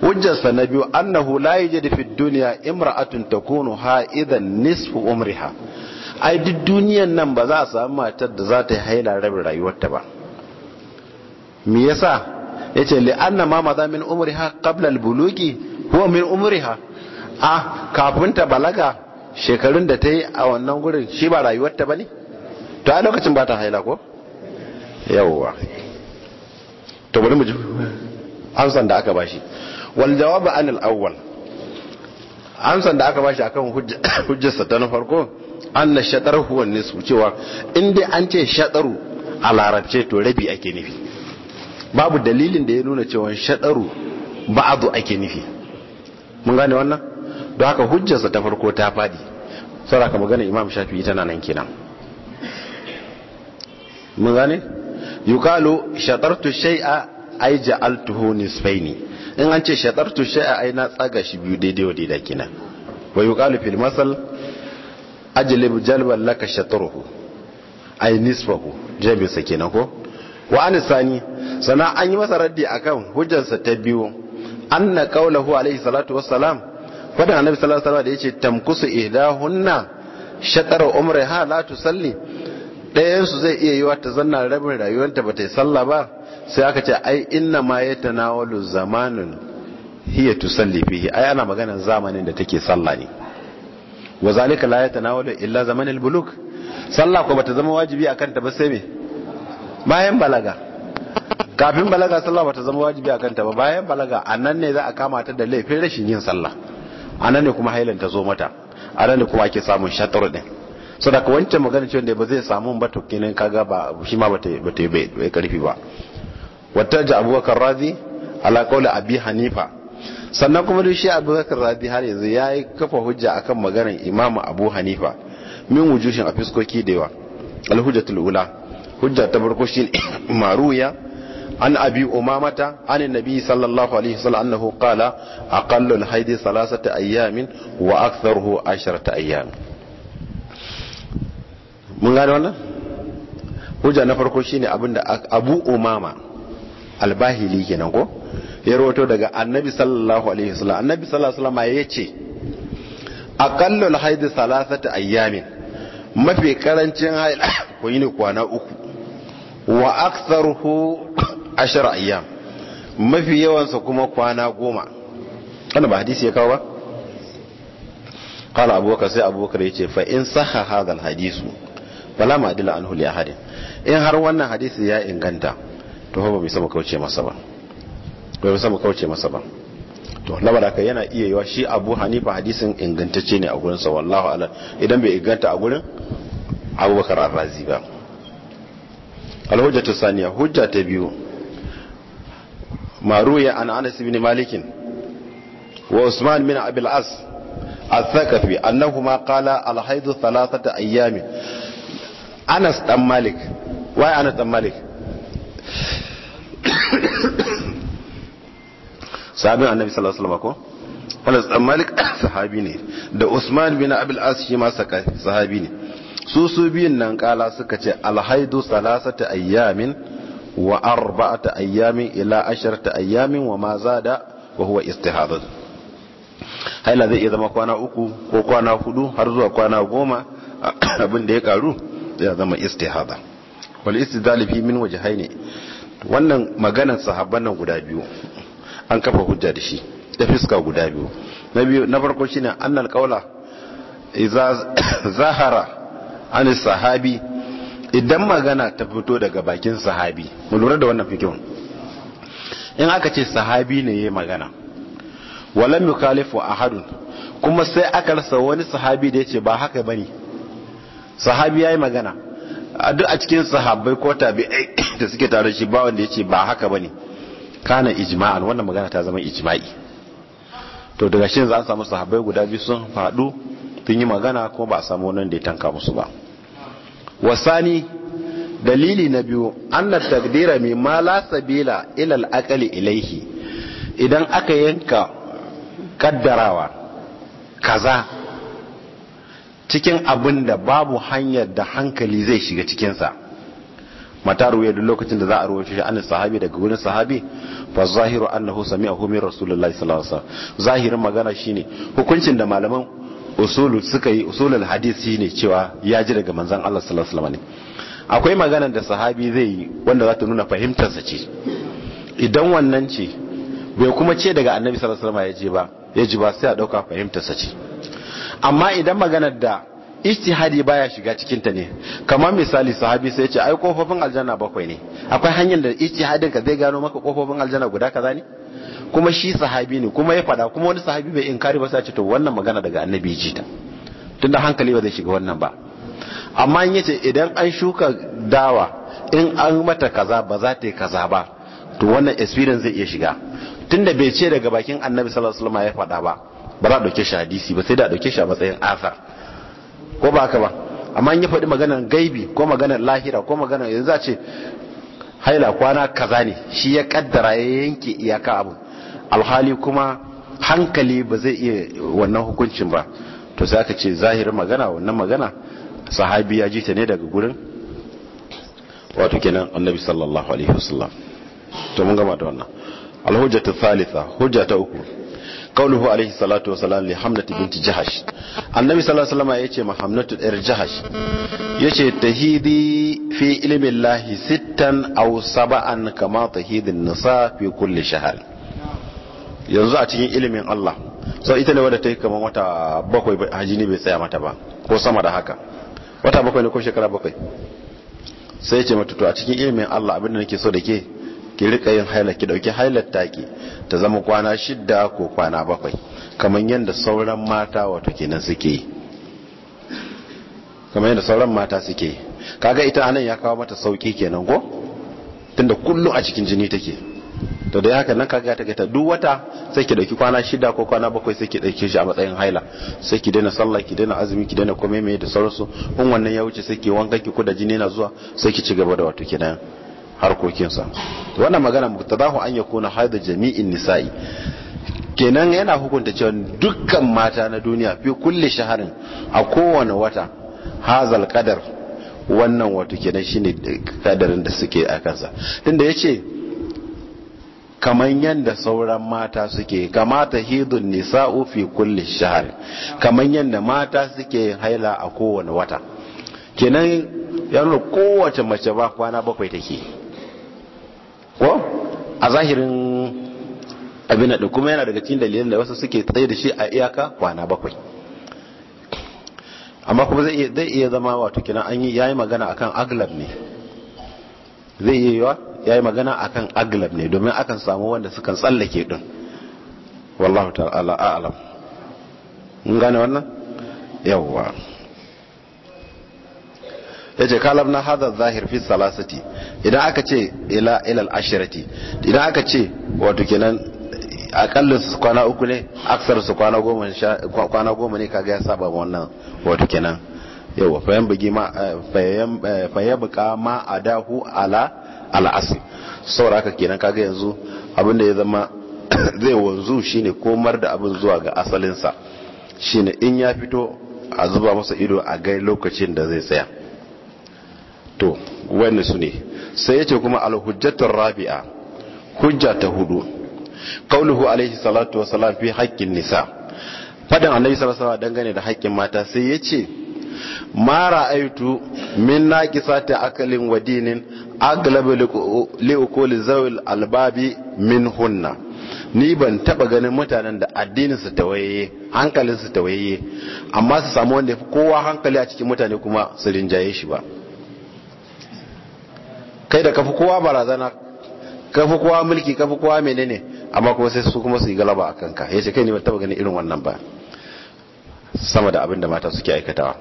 hujjarsa na biyu annahu la yajidu fid dunya imra'atun takunu ha'idan nisfu umriha ai duk duniyan nan ba za a samu matar da za ta yi haila rabin rayuwarta ba me yasa yace li anna ma madha min umriha qabla al-bulugi huwa min umriha a kafin ta balaga shekarun da ta yi a wannan gurin shi ba rayuwarta bane to a lokacin ba ta haila ko yawwa to bari mu ji an san da aka bashi wal jawab an al awwal amsan da aka bashi akan hujjarsa ta na farko an na shatar huwa nisfu cewa inda an ce shataru a larabce to rabi ake nufi babu dalilin da ya nuna cewa shataru ba'adu ake nufi mun gane wannan don haka hujjarsa ta farko ta fadi sauraka magana imam ita na nan kenan mun gane yukalu shatartu shay'a ay ja'altuhu nisfaini in an ce shatartu shay'a ai na tsaga shi biyu daidai wa daidai kina. wa ƙalu fil masal ajlib jalban laka shatruhu ai nisfahu jabin sa kenan ko wa an sani sana an yi masa raddi a kan hujjarsa ta biyu ƙaula hu alaihi salatu wassalam wadda na nabi salatu wasallam da ce tamkusu ihdahunna Umar, umriha la tusalli ɗayansu zai iya yiwa ta zanna rabin rayuwarta ba ta yi sallah ba sai aka ce ai inna ma ya tanawalu zamanin hiya tusalli fihi ai ana magana zamanin da take sallah ne wa zalika la ya tanawalu illa zamanin buluk sallah ko bata zama wajibi akan ta ba sai me bayan balaga kafin balaga sallah bata zama wajibi akan ta ba bayan balaga anan ne za a kama ta da laifin rashin yin sallah anan ne kuma hailan ta zo mata anan ne kuma ake samun shatar din so daga wancan magana cewa da ba zai samu ba to kenan kaga ba shi ma bata bata bai karfi ba wataja abubakar radi ala kaula abi hanifa sannan kuma duk shi abubakar radi har yanzu ya yi kafa hujja akan maganar imamu abu hanifa min wujushin a fiskoki da yawa alhujjatul ula hujja ta farko shi maruya an abi umamata an nabi sallallahu alaihi wasallam annahu qala aqallu al salasata thalathata ayamin wa aktharuhu asharata ayamin mun gane wannan hujja na farko shine abinda abu umama albahili kenan ko ya rawato daga annabi sallallahu alaihi wasallam annabi sallallahu alaihi wasallam yace aqallul haid salasata ayyamin mafi karancin haid ko yini kwana uku wa aktharuhu ashar ayyam mafi yawansa kuma kwana goma kana ba hadisi ya kawo ba قال أبو بكر سي أبو بكر يتي فإن صح هذا الحديث فلا anhu li ahadin in har wannan hadisi ya inganta to ba bai sama kauce masa ba bai sama kauce masa ba to lamar kai yana iya yiwa shi abu hanifa hadisin ingantacce ne a gurin sa wallahu ala idan bai inganta a gurin abubakar arrazi ba alhujjatu saniya hujja ta biyu maruya an anas ibn malik wa usman bin abil as al-thaqafi ma qala al-hayd thalathata ayyam anas dan malik wai anas dan malik sahabin annabi sallallahu alaihi wasallam ko Anas dan Malik sahabi ne da Usman bin Abdul As shi ma sahabi ne su su biyun nan kala suka ce alhaidu salasata ayyamin wa arba'ata ayyamin ila asharata ayyamin wa ma zada wa huwa istihadah haila zai iya zama kwana uku ko kwana hudu har zuwa kwana goma abin da ya karu ya zama istihada wal istidlal fi min wajhaini wannan maganar sahabban nan guda biyu an kafa hujja da shi da fiska guda biyu na biyu na farko shine annal qaula idza zahara an sahabi idan magana ta fito daga bakin sahabi mu lura da wannan fikihun in aka ce sahabi ne yayi magana walam yukalifu ahadun kuma sai aka rasa wani sahabi da yace ba haka bane sahabi yayi magana a duk a cikin sahabbai ko tabi'ai da suke tare shi ba wanda ce ba haka bane kana ijma'an wannan magana ta zama ijma'i to daga shi za a samu sahabbai guda biyu sun faɗu sun yi magana ko ba a samu wannan da ya tanka musu ba wasani dalili na biyu annat taqdira mai ma la sabila ila al-aqli idan aka yanka kaddarawa kaza cikin abin da babu hanyar da hankali zai shiga cikinsa mata ruwaya duk lokacin da za a ruwa shi anin sahabi daga wurin sahabi fa zahiru annahu sami'ahu min rasulullahi sallallahu alaihi wasallam zahirin magana shine hukuncin da malaman usulu suka yi usulul hadisi shine cewa ya ji daga manzon Allah sallallahu alaihi wasallam akwai magana da sahabi zai yi wanda za ta nuna fahimtarsa ce idan wannan ce bai kuma ce daga annabi sallallahu alaihi wasallam ya ji ba ya ji ba sai a dauka fahimtarsa ce amma idan maganar da ijtihadi baya shiga cikin ta ne kamar misali sahabi sai ya ce ai kofofin aljanna bakwai ne akwai hanyar da ijtihadin ka zai gano maka kofofin aljanna guda kaza ne kuma shi sahabi ne kuma ya fada kuma wani sahabi bai inkari ba sai ce to wannan magana daga annabi ji ta tunda hankali ba zai shiga wannan ba amma in yace idan an shuka dawa in an mata kaza ba za ta yi kaza ba to wannan experience zai iya shiga tunda bai ce daga bakin annabi sallallahu alaihi wasallam ya faɗa ba ba za a dauke shi hadisi ba sai da a dauke shi a matsayin asar ko ba haka ba amma in ya faɗi maganar gaibi ko maganar lahira ko maganar yanzu a ce haila kwana kaza ne shi ya kaddara ya yanke iyaka abu alhali kuma hankali ba zai iya wannan hukuncin ba to sai aka ce zahirin magana wannan magana sahabi ya ji ta ne daga gurin wato kenan annabi sallallahu alaihi wasallam to mun gama da wannan alhujjatu thalitha hujja ta uku qawluhu alaihi salatu wasalam li hamnati binti jahash annabi sallallahu alaihi wasallam yace ma hamnatu ya jahash yace tahidi fi ilmi lahi sittan aw sab'an kama tahidin nisa fi kulli shahr yanzu a cikin ilimin Allah so ita ne wadda ta yi kamar wata bakwai haji ne bai tsaya mata ba ko sama da haka wata bakwai ne ko shekara bakwai sai ce mata to a cikin ilimin Allah abinda nake so da ke ki rika yin haila ki dauki hailar taki ta zama kwana shidda ko kwana bakwai kamar yadda sauran mata wato kenan suke yi kamar yadda sauran mata suke yi kaga ita anan ya kawo mata sauki kenan ko tunda kullum a cikin jini take to da haka nan kaga ta ta duk wata sai ki dauki kwana shida ko kwana bakwai sai ki dauke shi a matsayin haila sai ki daina sallah ki daina azumi ki daina komai mai da sauransu in wannan ya wuce sai ki wanka ki kuda jini na zuwa sai ki ci gaba da wato kenan harkokinsa wannan magana muktadahu an har da jami'in nisa'i kenan yana hukunta cewa dukkan mata na duniya fi kulli shaharin a kowane wata hazal qadar wannan wato kenan shine kadarin da suke a kansa tunda yace kamar yadda sauran mata suke kamata hidun nisa'u fi kulli shahr kamar yadda mata suke haila a kowane wata kenan yana kowace mace ba kwana bakwai take ko a zahirin abin da kuma yana daga cikin dalilan da wasu suke tsaye da shi a iyaka kwana bakwai amma kuma zai iya zama wato kina an yi yayi magana akan aglab ne zai iya wa yayi magana akan aglab ne domin akan samu wanda sukan tsallake din wallahu ta'ala a'lam mun gane wannan yawwa ce kalab na hada zahir fi salasati idan aka ce ila ila idan aka ce wato kenan akalla su kwana uku ne aksar su kwana goma sha kwana goma ne kaga ya saba wannan wato kenan yawa fayan bugi ma eh, fayan buka eh, ma adahu ala al-asl saboda haka kenan kaga yanzu abinda ya zama zai wanzu shine komar da abin zuwa ga asalinsa shine in ya fito a zuba masa ido a gai lokacin da zai tsaya to wannan su ne sai yace kuma alhujjatar rabi'a hujja ta hudu qauluhu alaihi salatu wassalam fi haqqin nisa fadan alaihi salatu alaihi dangane da haƙƙin mata sai yace ma ra'aitu min naqisati akalin wa dinin aglabu li zawil albabi min hunna ni ban taba ganin mutanen da addininsu tawaye hankalinsu tawaye amma su samu wanda kowa hankali a cikin mutane kuma su rinjaye shi ba kai da kafi kowa barazana kafi kowa mulki kafi kowa menene amma kuma sai su kuma su yi galaba a kanka ya ce kai ne taba ganin irin wannan ba sama da abin da mata suke aikatawa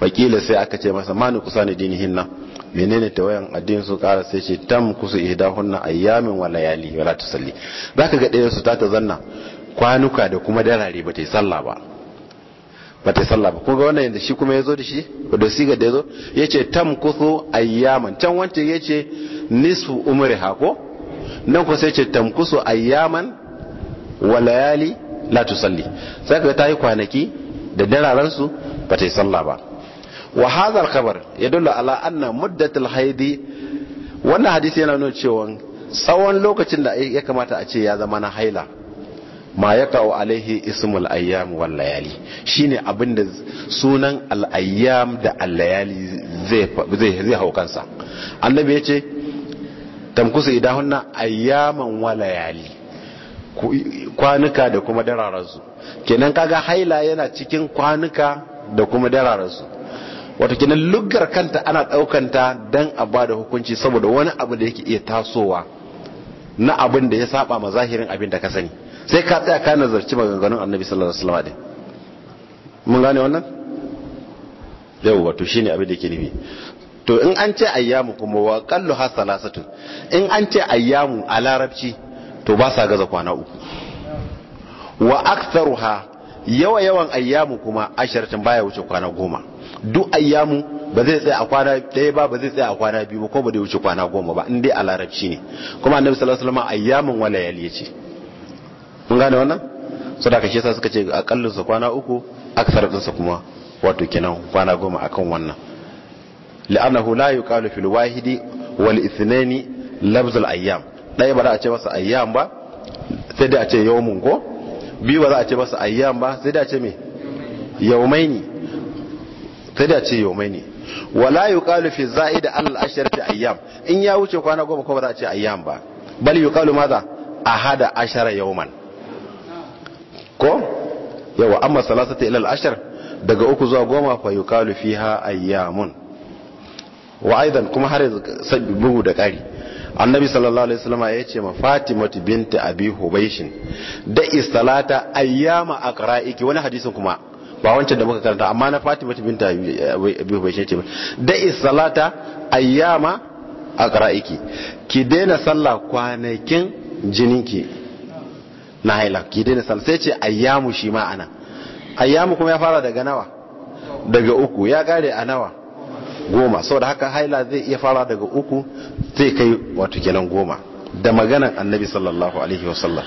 wakila sai aka ce masa mani kusa ne dini hinna menene tawayan addinin su kara sai ce tam kusu hunna ayyamin wa layali wala tusalli zaka ga ɗayan su ta ta zanna kwanuka da kuma darare ba ta yi sallah ba ba ta sallah ba kuma wannan yadda shi kuma ya zo da shi da siga da ya zo ya ce tam kusu ayyaman can wancan ya ce nisfu umri hako nan kusa ya ce tam kusu ayyaman wa layali la salli sai ka ta yi kwanaki da dararansu ba ta yi sallah ba wa hadha al-khabar yadullu ala anna muddatul haidi wannan hadisi yana nuna cewa tsawon lokacin da ya kamata a ce ya zama na haila ma ya kawo alaihi ismul ayyam wal layali shine abinda sunan al ayyam da al layali zai zai hau kansa annabi yace tamkusu idahunna ayyaman wal layali kwanuka da kuma dararansu kenan kaga haila yana cikin kwanuka da kuma dararansu wato kenan lugar kanta ana ɗaukanta dan a bada hukunci saboda wani abu da yake iya tasowa na abin da ya saba ma zahirin abin da ka sani sai ka tsaya ka nazarci maganganun annabi sallallahu alaihi wasallam mun gane wannan yau wato shine abin da yake nufi to in an ce ayyamu kuma wa qallu hasalasatu in an ce ayyamu a larabci to ba sa gaza kwana uku wa aktharuha yawa yawan ayyamu kuma asharatin baya wuce kwana goma duk ayyamu ba zai tsaya a kwana ɗaya ba ba zai tsaya a kwana biyu ko ba zai wuce kwana goma ba in dai a larabci ne kuma annabi sallallahu alaihi wasallam ayyamun walayali layali yace mun gane wannan so da kashe sa suka ce akallin sa kwana uku aksar din sa kuma wato kenan kwana goma akan wannan la'annahu la yuqalu fil wahidi wal ithnaini labzul ayyam dai ba za a ce masa ayyam ba sai dai a ce yawmun ko bi ba za a ce masa ayyam ba sai dai a ce me yawmaini sai dai a ce yawmaini wala yuqalu fi za'id al asharati ayyam in ya wuce kwana goma ko ba za a ce ayyam ba bal yuqalu madha ahada ashara yawman ko yawa amma salasata ilal ashar daga uku zuwa goma fa yuqalu fiha ayyamun wa aidan kuma har sabbi bugu da kari annabi sallallahu alaihi wasallam ya ce ma Fatima binti abi hubaishin da istalata ayyama aqra'iki wani hadisin kuma ba wancan da muka karanta amma na Fatima binti abi hubaishin ce da istalata ayyama aqra'iki ki daina sallah kwanakin jininki na haila ki daina sal sai ce ayyamu shi ma ana ayyamu kuma ya fara daga nawa daga uku ya kare a nawa goma saboda haka haila zai iya fara daga uku zai kai wato kenan goma da maganan annabi sallallahu alaihi wasallam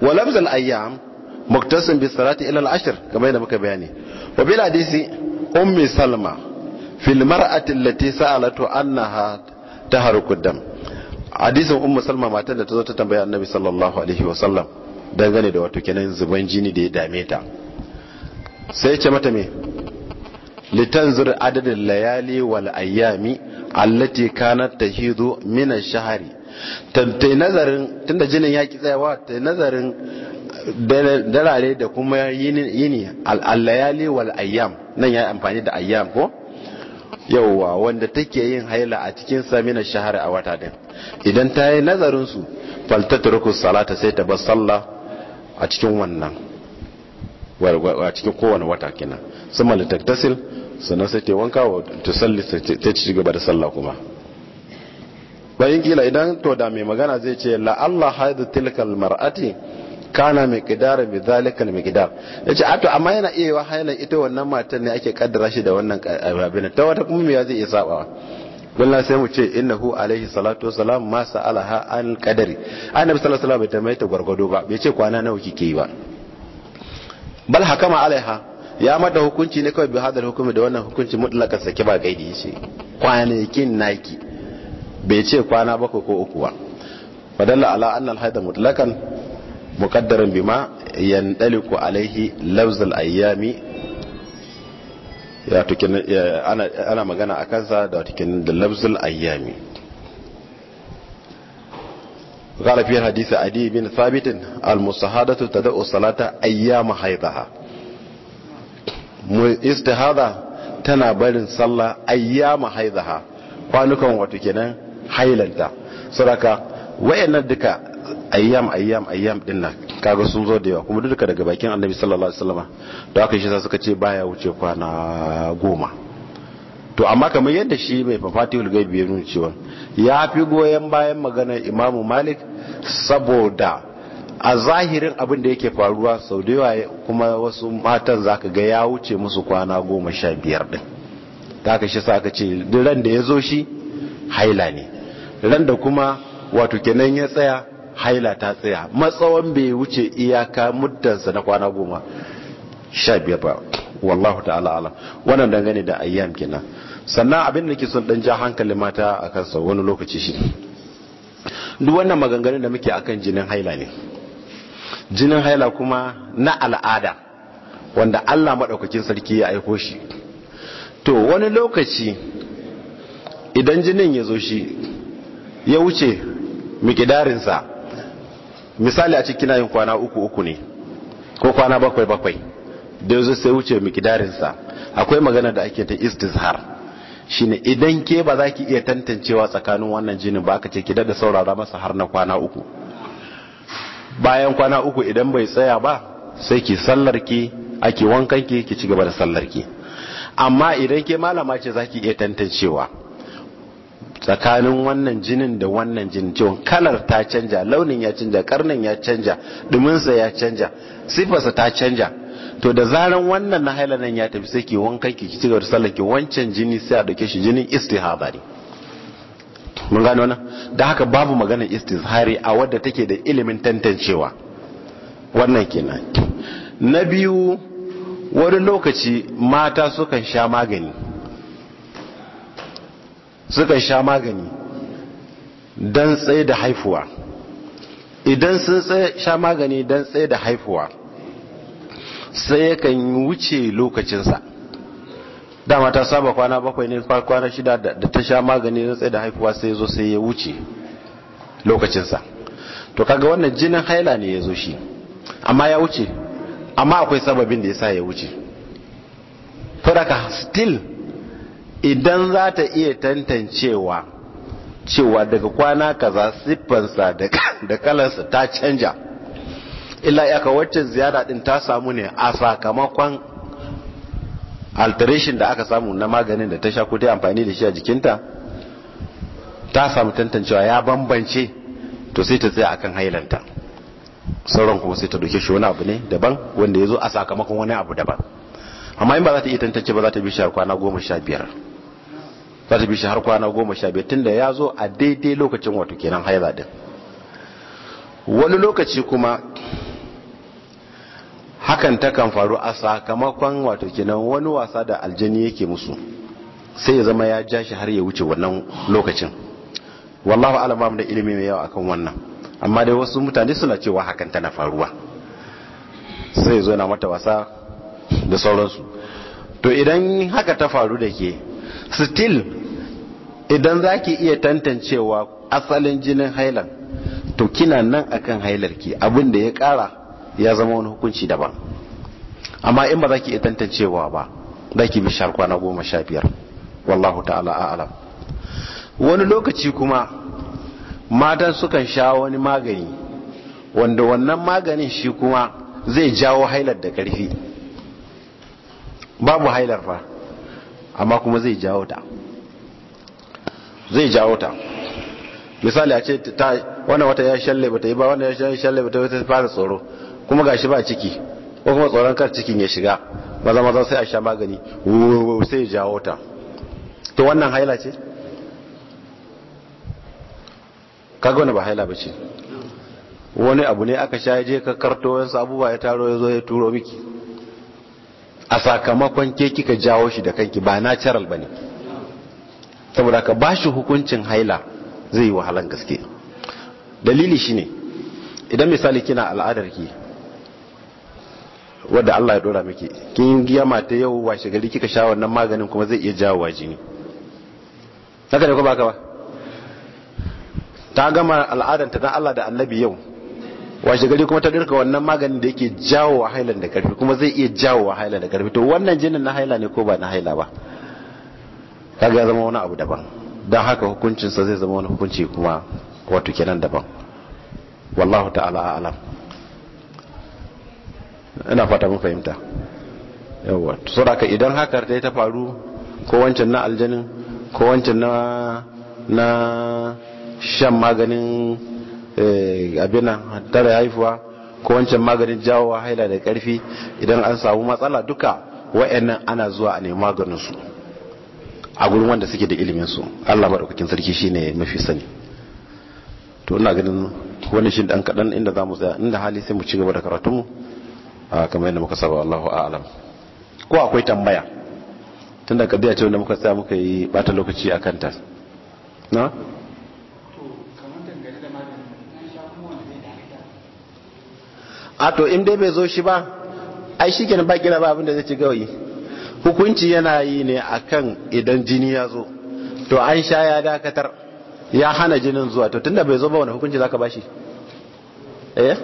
wa labzal ayyam muktasim bi salati ila al-ashr kamar yadda muka bayani wa bil hadisi ummi salma fil mar'ati allati sa'alatu annaha taharuku dam hadisin ummu salma matar da ta zo ta tambaya annabi sallallahu alaihi wa Dan dangane da wato kenan zuban jini da ya dame ta sai ce mata me litanzur adadin layali wal ayyami allati kanat tahidu min ash-shahri tantai nazarin tunda jinin ya ki tsayawa ta nazarin eh, dalare da kuma yini al-layali wal ayyam nan ya amfani da ayyam ko yauwa wanda take yin haila a cikin samina shahara a wata din idan ta yi nazarin su faltatruku salata sai ta bar sallah a cikin wannan a cikin kowane wata kenan summa litaktasil sannan sai ta wanka wa tusalli ta ci gaba da sallah kuma bayan kila idan to da mai magana zai ce la'allah haidu tilkal mar'ati kana mai kidara zalika mai miqdar ya ce ato amma yana iya wa hayalan ita wannan matan ne ake kaddara shi da wannan abin ta wata kuma ya zai iya sabawa wallah sai mu ce hu alaihi salatu wasalam ma alaha an kadari annabi sallallahu alaihi wasallam bai ta gwargwado ba bai ce kwana nawa kike yi ba bal hakama alaiha ya mata hukunci ne kawai bi hadal hukumi da wannan hukunci mutlaka saki ba gaidi shi kwanakin naki bai ce kwana bakwai ko uku ba fadalla ala annal haida mutlakan muƙaddarin bima yan ɗaliku alaihi lafzal ayyami ana magana a kansa da watakin da lafzal ayyami galafiyar hadisa adi bin sabitin al-musahadatu ta da'u salata ayyama haidaha istihada tana barin sallah ayyama haidaha kwanukan watakinan hailanta sadaka wayannan duka ayyam ayyam ayyam din nan kaga sun zo da yawa kuma duka daga bakin annabi sallallahu alaihi wasallam to aka shi suka ce baya wuce kwana goma to amma kamar yadda shi mai fafatihul gaibi ya nuna cewa ya fi goyon bayan maganar imamu malik saboda a zahirin abin da yake faruwa sau da yawa kuma wasu matan zaka ga ya wuce musu kwana goma sha biyar din ta aka shi sa ce ran da ya zo shi haila ne ran da kuma wato kenan ya tsaya haila ta tsaya matsawan bai wuce iyaka muddansa na kwana goma sha biyar ba wallahu ta'ala alam wannan dangane da ayyam kenan sannan abin da ke son dan ja hankali mata a kansa wani lokaci shi duk wannan maganganun da muke akan jinin haila ne jinin haila kuma na al'ada wanda Allah maɗaukakin sarki ya aiko shi to wani lokaci idan jinin ya zo shi ya wuce mikidarinsa misali a cikin yin kwana uku uku ne ko kwana bakwai bakwai da yanzu sai wuce mikidarinsa akwai magana da ake ta istizhar Shin idan ke ba za ki iya tantancewa tsakanin wannan jinin ba ka ce ki dada saurara masa har na kwana uku bayan kwana uku idan bai tsaya ba sai ki sallarki ake wankanki ki ci gaba da sallarki amma idan ke malama ce za ki iya tantancewa tsakanin wannan jinin da wannan jinin cewa kalar ta canja launin ya canja karnin ya canja duminsa ya canja sifarsa ta canja to da zaran wannan na haila nan ya tafi sai ki wankan ki ci da sallar ki wancan jini sai a dauke shi jinin istihaba mun gano nan da haka babu maganar istihari a wadda take da ilimin tantancewa wannan kenan na biyu wani lokaci mata sukan sha magani suka sha magani don tsaye da haifuwa idan sun sha magani don tsaye da haifuwa sai kan wuce lokacinsa dama ta saba kwana bakwai ne kwana shida da ta sha magani don tsaye da haifuwa sai ya zo sai ya wuce lokacinsa to kaga wannan jinin haila ne ya zo shi amma ya wuce amma akwai sababin da ya sa ya wuce to daga still idan za ta iya tantancewa cewa daga kwana kaza siffansa da kalarsa ta canja illa ya wacce ziyara din ta samu ne a sakamakon alteration da aka samu na maganin da ta sha ko amfani da shi a jikinta ta samu tantancewa ya bambance to sai ta a akan hailanta sauran kuma sai ta doke shi wani abu ne daban wanda ya zo a sakamakon wani abu daban amma in ba za ta iya tantance ba za ta bi a kwana goma sha biyar za ta bi shi har kwana goma sha biyar tunda ya zo a daidai lokacin wato kenan haila din wani lokaci kuma hakan ta kan faru a sakamakon wato kenan wani wasa da aljani yake musu sai ya zama ya ja shi har ya wuce wannan lokacin wallahu alama da ilimi mai yawa akan wannan amma dai wasu mutane suna cewa hakan tana faruwa sai zo na mata wasa da sauransu to idan haka ta faru da ke still idan za ki iya tantancewa asalin jinin hailan to kina nan akan hailarki abin da ya kara ya zama wani hukunci daban amma in ba za ki iya tantancewa ba za ki bi kwana goma sha biyar wallahu ta'ala a'alam wani lokaci kuma matan sukan sha wani magani wanda wannan maganin shi kuma zai jawo hailar da karfi babu hailar fa amma kuma zai jawo ta zai jawo ta misali a ce ta wannan wata ya shalle bata yi ba wannan ya shalle bata yi ta fara tsoro kuma gashi ba ciki ko kuma tsoron kar cikin ya shiga maza maza sai a sha magani wuwuwu sai jawo ta to wannan haila ce kaga wani ba haila ba ce wani abu ne aka sha je ka karto wasu abubuwa ya taro ya zo ya turo miki a sakamakon ke kika jawo shi da kanki ba natural ba ne saboda ka ba shi hukuncin haila zai yi wahalan gaske dalili shine idan misali kina al'adar ki wadda Allah ya dora miki kin giya ta yau washe gari kika sha wannan maganin kuma zai iya jawo jini haka da ko baka ba ta gama al'adar ta dan Allah da annabi yau washe gari kuma ta dirka wannan maganin da yake jawo wa hailan da karfi kuma zai iya jawo wa hailan da karfi to wannan jinin na haila ne ko ba na haila ba kaga ya zama wani abu daban don haka hukuncinsa zai zama wani hukunci kuma wato kenan daban wallahu ta'ala alam ina fata mun fahimta yawa saboda idan hakar ta faru ko wancan na aljanin ko wancan na na shan maganin eh, abinan tare haifuwa ko wancan maganin jawowa haila da karfi idan an samu matsala duka wa'annan ana zuwa a nemi maganin su a gurin wanda suke da ilimin su Allah madaukakin sarki shine mafi sani to ina ganin wani shi dan kadan inda zamu tsaya inda hali sai mu ci gaba da karatun kamar yadda muka saba Allahu a'lam ko akwai tambaya tunda kabiya ce wanda muka tsaya muka yi bata lokaci akan ta na a to in dai bai zo shi ba ai shi kenan ba kira ba abin da zai ci gawayi hukunci yana yi ne akan idan jini ya zo to an sha ya dakatar ya hana jinin zuwa to tunda bai zo ba wani hukunci zaka bashi eh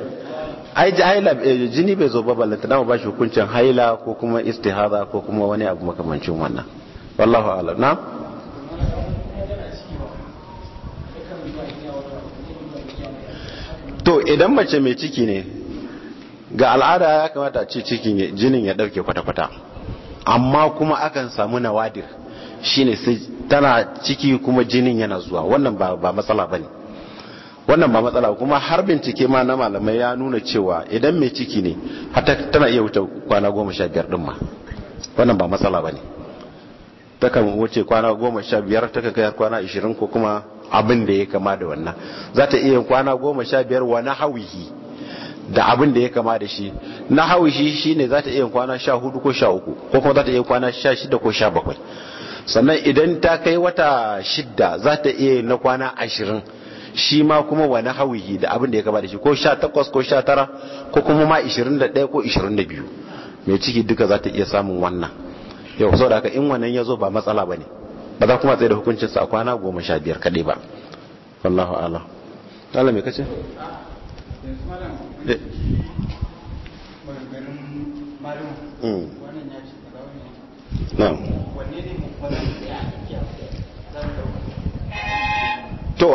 ai haila eh, jini bai zo ba ballanta ba bashi hukuncin haila ko kuma istihada ko kuma wani abu makamancin wannan wallahu a'lam na to idan mace mai ciki ne ga al'ada ya kamata a ce cikin jinin ya dauke kwata-kwata amma kuma akan samu nawadir shine sai tana ciki kuma jinin yana zuwa wannan ba matsala ba ne wannan ba matsala kuma har bincike ma na malamai ya nuna cewa idan mai ciki ne hata tana iya wuce kwana goma sha biyar ɗin ma wannan ba matsala ba ne takan wuce kwana goma sha biyar takan kai kwana ashirin ko kuma abin da ya kama da wannan za ta iya kwana goma sha biyar wani hawihi da abin da ya kama da shi na haushi shine za ta iya kwana sha hudu ko sha uku ko kuma za ta iya kwana sha shida ko sha bakwai sannan idan ta kai wata shida za ta iya na kwana ashirin shi ma kuma wani hauhi da abin da ya kama da shi ko sha takwas ko sha tara ko kuma ma ishirin da ɗaya ko ishirin da biyu mai ciki duka za ta iya samun wannan yau sau da in wannan ya zo ba matsala ba ne ba za kuma tsaye da hukuncinsa a kwana goma sha biyar kaɗai ba wallahu ala Allah mai kace? to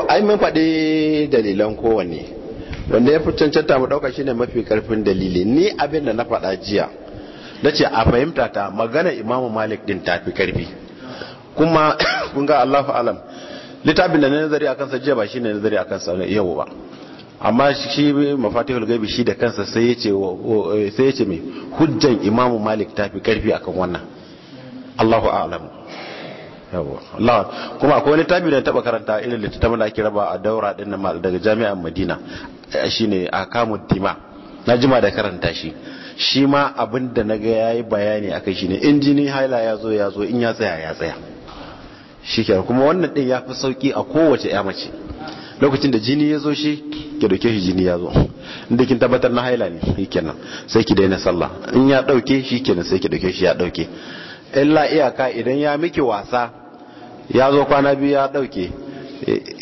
ai mun faɗi dalilan kowane wanda ya fi cancanta mu ɗauka shine mafi ƙarfin dalili ni abin da na faɗa jiya na ce a fahimta ta magana imamu malik din tafi ƙarfi kuma kun ga allahu alam littafin da na nazari akan sa jiya ba shine nazari akan sa yau ba amma shi al gaibi shi da kansa sai yace sai yace me hujjan imamu malik tafi karfi akan wannan Allahu a'lam kuma akwai wani tabi da taba karanta irin littafin da ake raba a daura din nan daga jami'an Madina eh, shine kamun tima na jima da karanta shi shi ma abin da na ga ya yi bayani a kai shi ne injini haila ya zo ya zo in ya tsaya ya tsaya shi kuma wannan din ya fi sauƙi a kowace ya mace lokacin da jini ya zo shi ke dauke shi jini ya zo inda kin tabbatar na haila ne shi kenan sai ki daina sallah in ya dauke shi kenan sai ki dauke shi ya dauke illa iyaka idan ya miki wasa ya zo kwana biyu ya dauke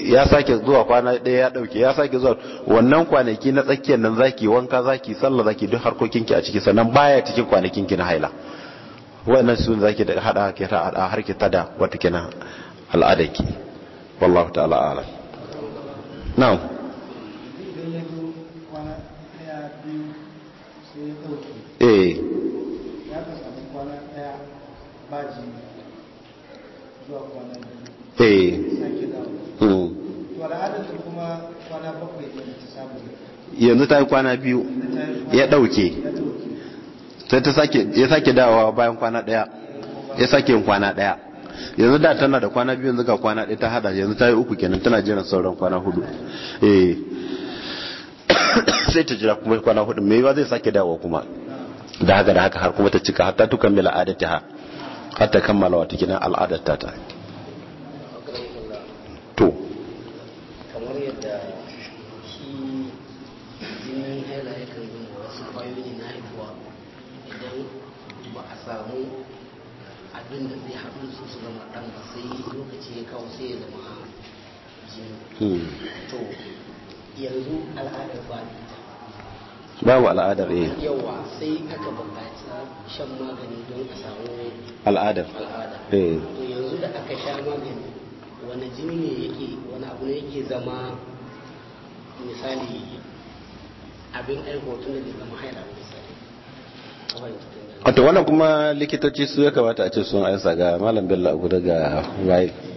ya sake zuwa kwana ɗaya ya dauke ya sake zuwa wannan kwanaki na tsakiyar nan zaki wanka zaki sallah zaki duk harkokinki a ciki sannan baya cikin ki na haila wannan sun zaki da hada harki ta da wata kina al'adarki wallahu ta'ala alam Now. eh eh hmm. yanzu ta yi kwana biyu ya ɗauke sai ta sake dawowa bayan kwana ɗaya ya sake yin kwana ɗaya yanzu da tana da kwana biyu yanzu ga kwana ɗaya ta hada yanzu ta yi uku kenan tana jiran sauran kwana hudu eh sai ta jira kuma kwana hudu mai ba zai sake dawo kuma da haka da haka har kuma ta cika hatta ta kammala ha har ta kammala wata gidan al'adar ta to kamar yadda shi jinin haila kai bin wasu kwayoyi na haifuwa idan ba a samu abin da zai to yanzu al'adar ba ta babu al'adar eh yawa sai aka buƙaci shan magani don a samu al'adar eh to yanzu da aka sha magani wani jini ne yake wani abu ne yake zama misali abin aiko da bai zama haila misali wato wannan kuma likitoci su ya kamata a ce sun aisa ga malam bello abu daga wife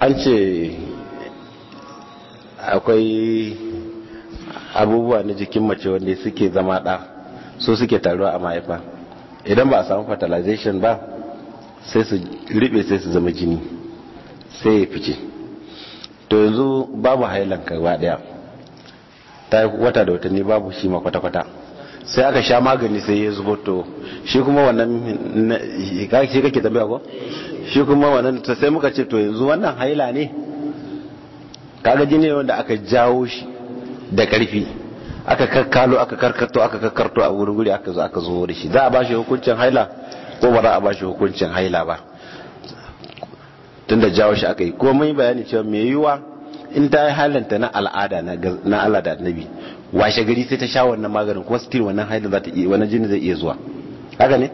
an ce akwai abubuwa na jikin mace wanda suke zama ɗa so suke taruwa a mahaifa idan ba a samu fertilization ba sai su riɓe sai su zama jini sai ya fice to yanzu babu hailan karwa ɗaya ta wata da watanni babu shi ma kwata-kwata sai aka sha magani sai ya zubo to shi kuma wannan shi kake tambaya ko shi kuma wannan sai muka ce to yanzu wannan haila ne kaga jini ne wanda aka jawo shi da karfi aka karkalo aka karkato aka karkarto a wuri guri aka zo aka zo da shi za a bashi hukuncin haila ko ba za a bashi hukuncin haila ba tunda jawo shi aka yi ko mun yi bayani cewa me yiwa in ta yi halanta na al'ada na Allah da annabi washe gari sai ta sha wannan maganin kuma still wannan haila za ta iya wannan jini zai iya zuwa haka ne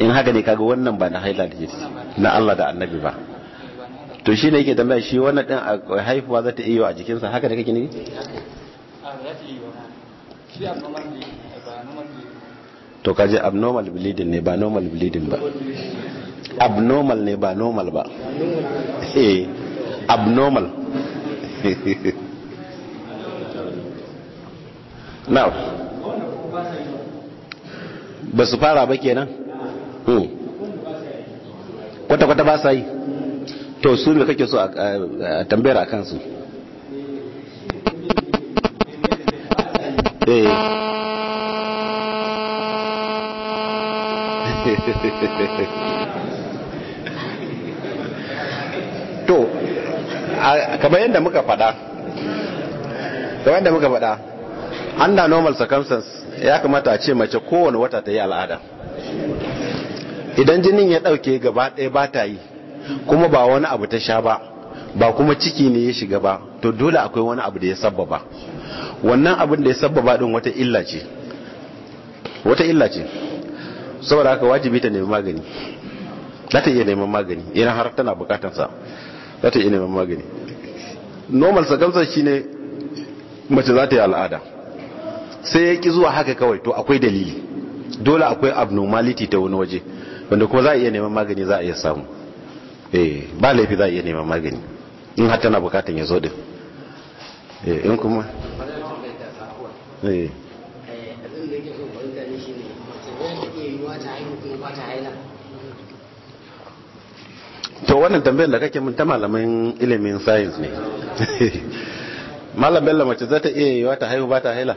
in haka ne kaga wannan ba na haila da jini na Allah da annabi ba to shi ne yake tambaya shi wannan din haifuwa za ta iya a jikinsa haka ne kake ne to kaje abnormal bleeding ne ba normal bleeding ba abnormal ne ba normal ba eh abnormal na ba su fara ba kenan hmm. kwata-kwata ba sa yi to su ne kake so a tambayar a kansu eh. to kamar yadda muka fada kamar yadda muka fada under normal circumstances ya kamata a ce mace kowane wata ta yi al'ada idan jinin ya ɗauke gaba ɗaya ba ta yi kuma ba wani abu ta sha ba ba kuma ciki ne ya shiga ba to dole akwai wani abu da ya sabbaba wannan abin da ya sabbaba din wata illa ce wata illa ce saboda haka wajibi ta nemi magani za ta iya neman magani idan har tana bukatansa za ta iya neman magani normal circumstances shine mace za ta yi al'ada sai ya ƙi zuwa haka kawai to akwai dalili dole akwai abnormality ta wani waje wanda kuma za a iya neman magani za a iya samu eh ba laifi za a iya neman magani in har tana bukatan ya zo din eh in kuma eh. to wannan tambayar da kake mun ta malamin ilimin science ne malam bello mace za ta iya yi wata haihu ba ta haila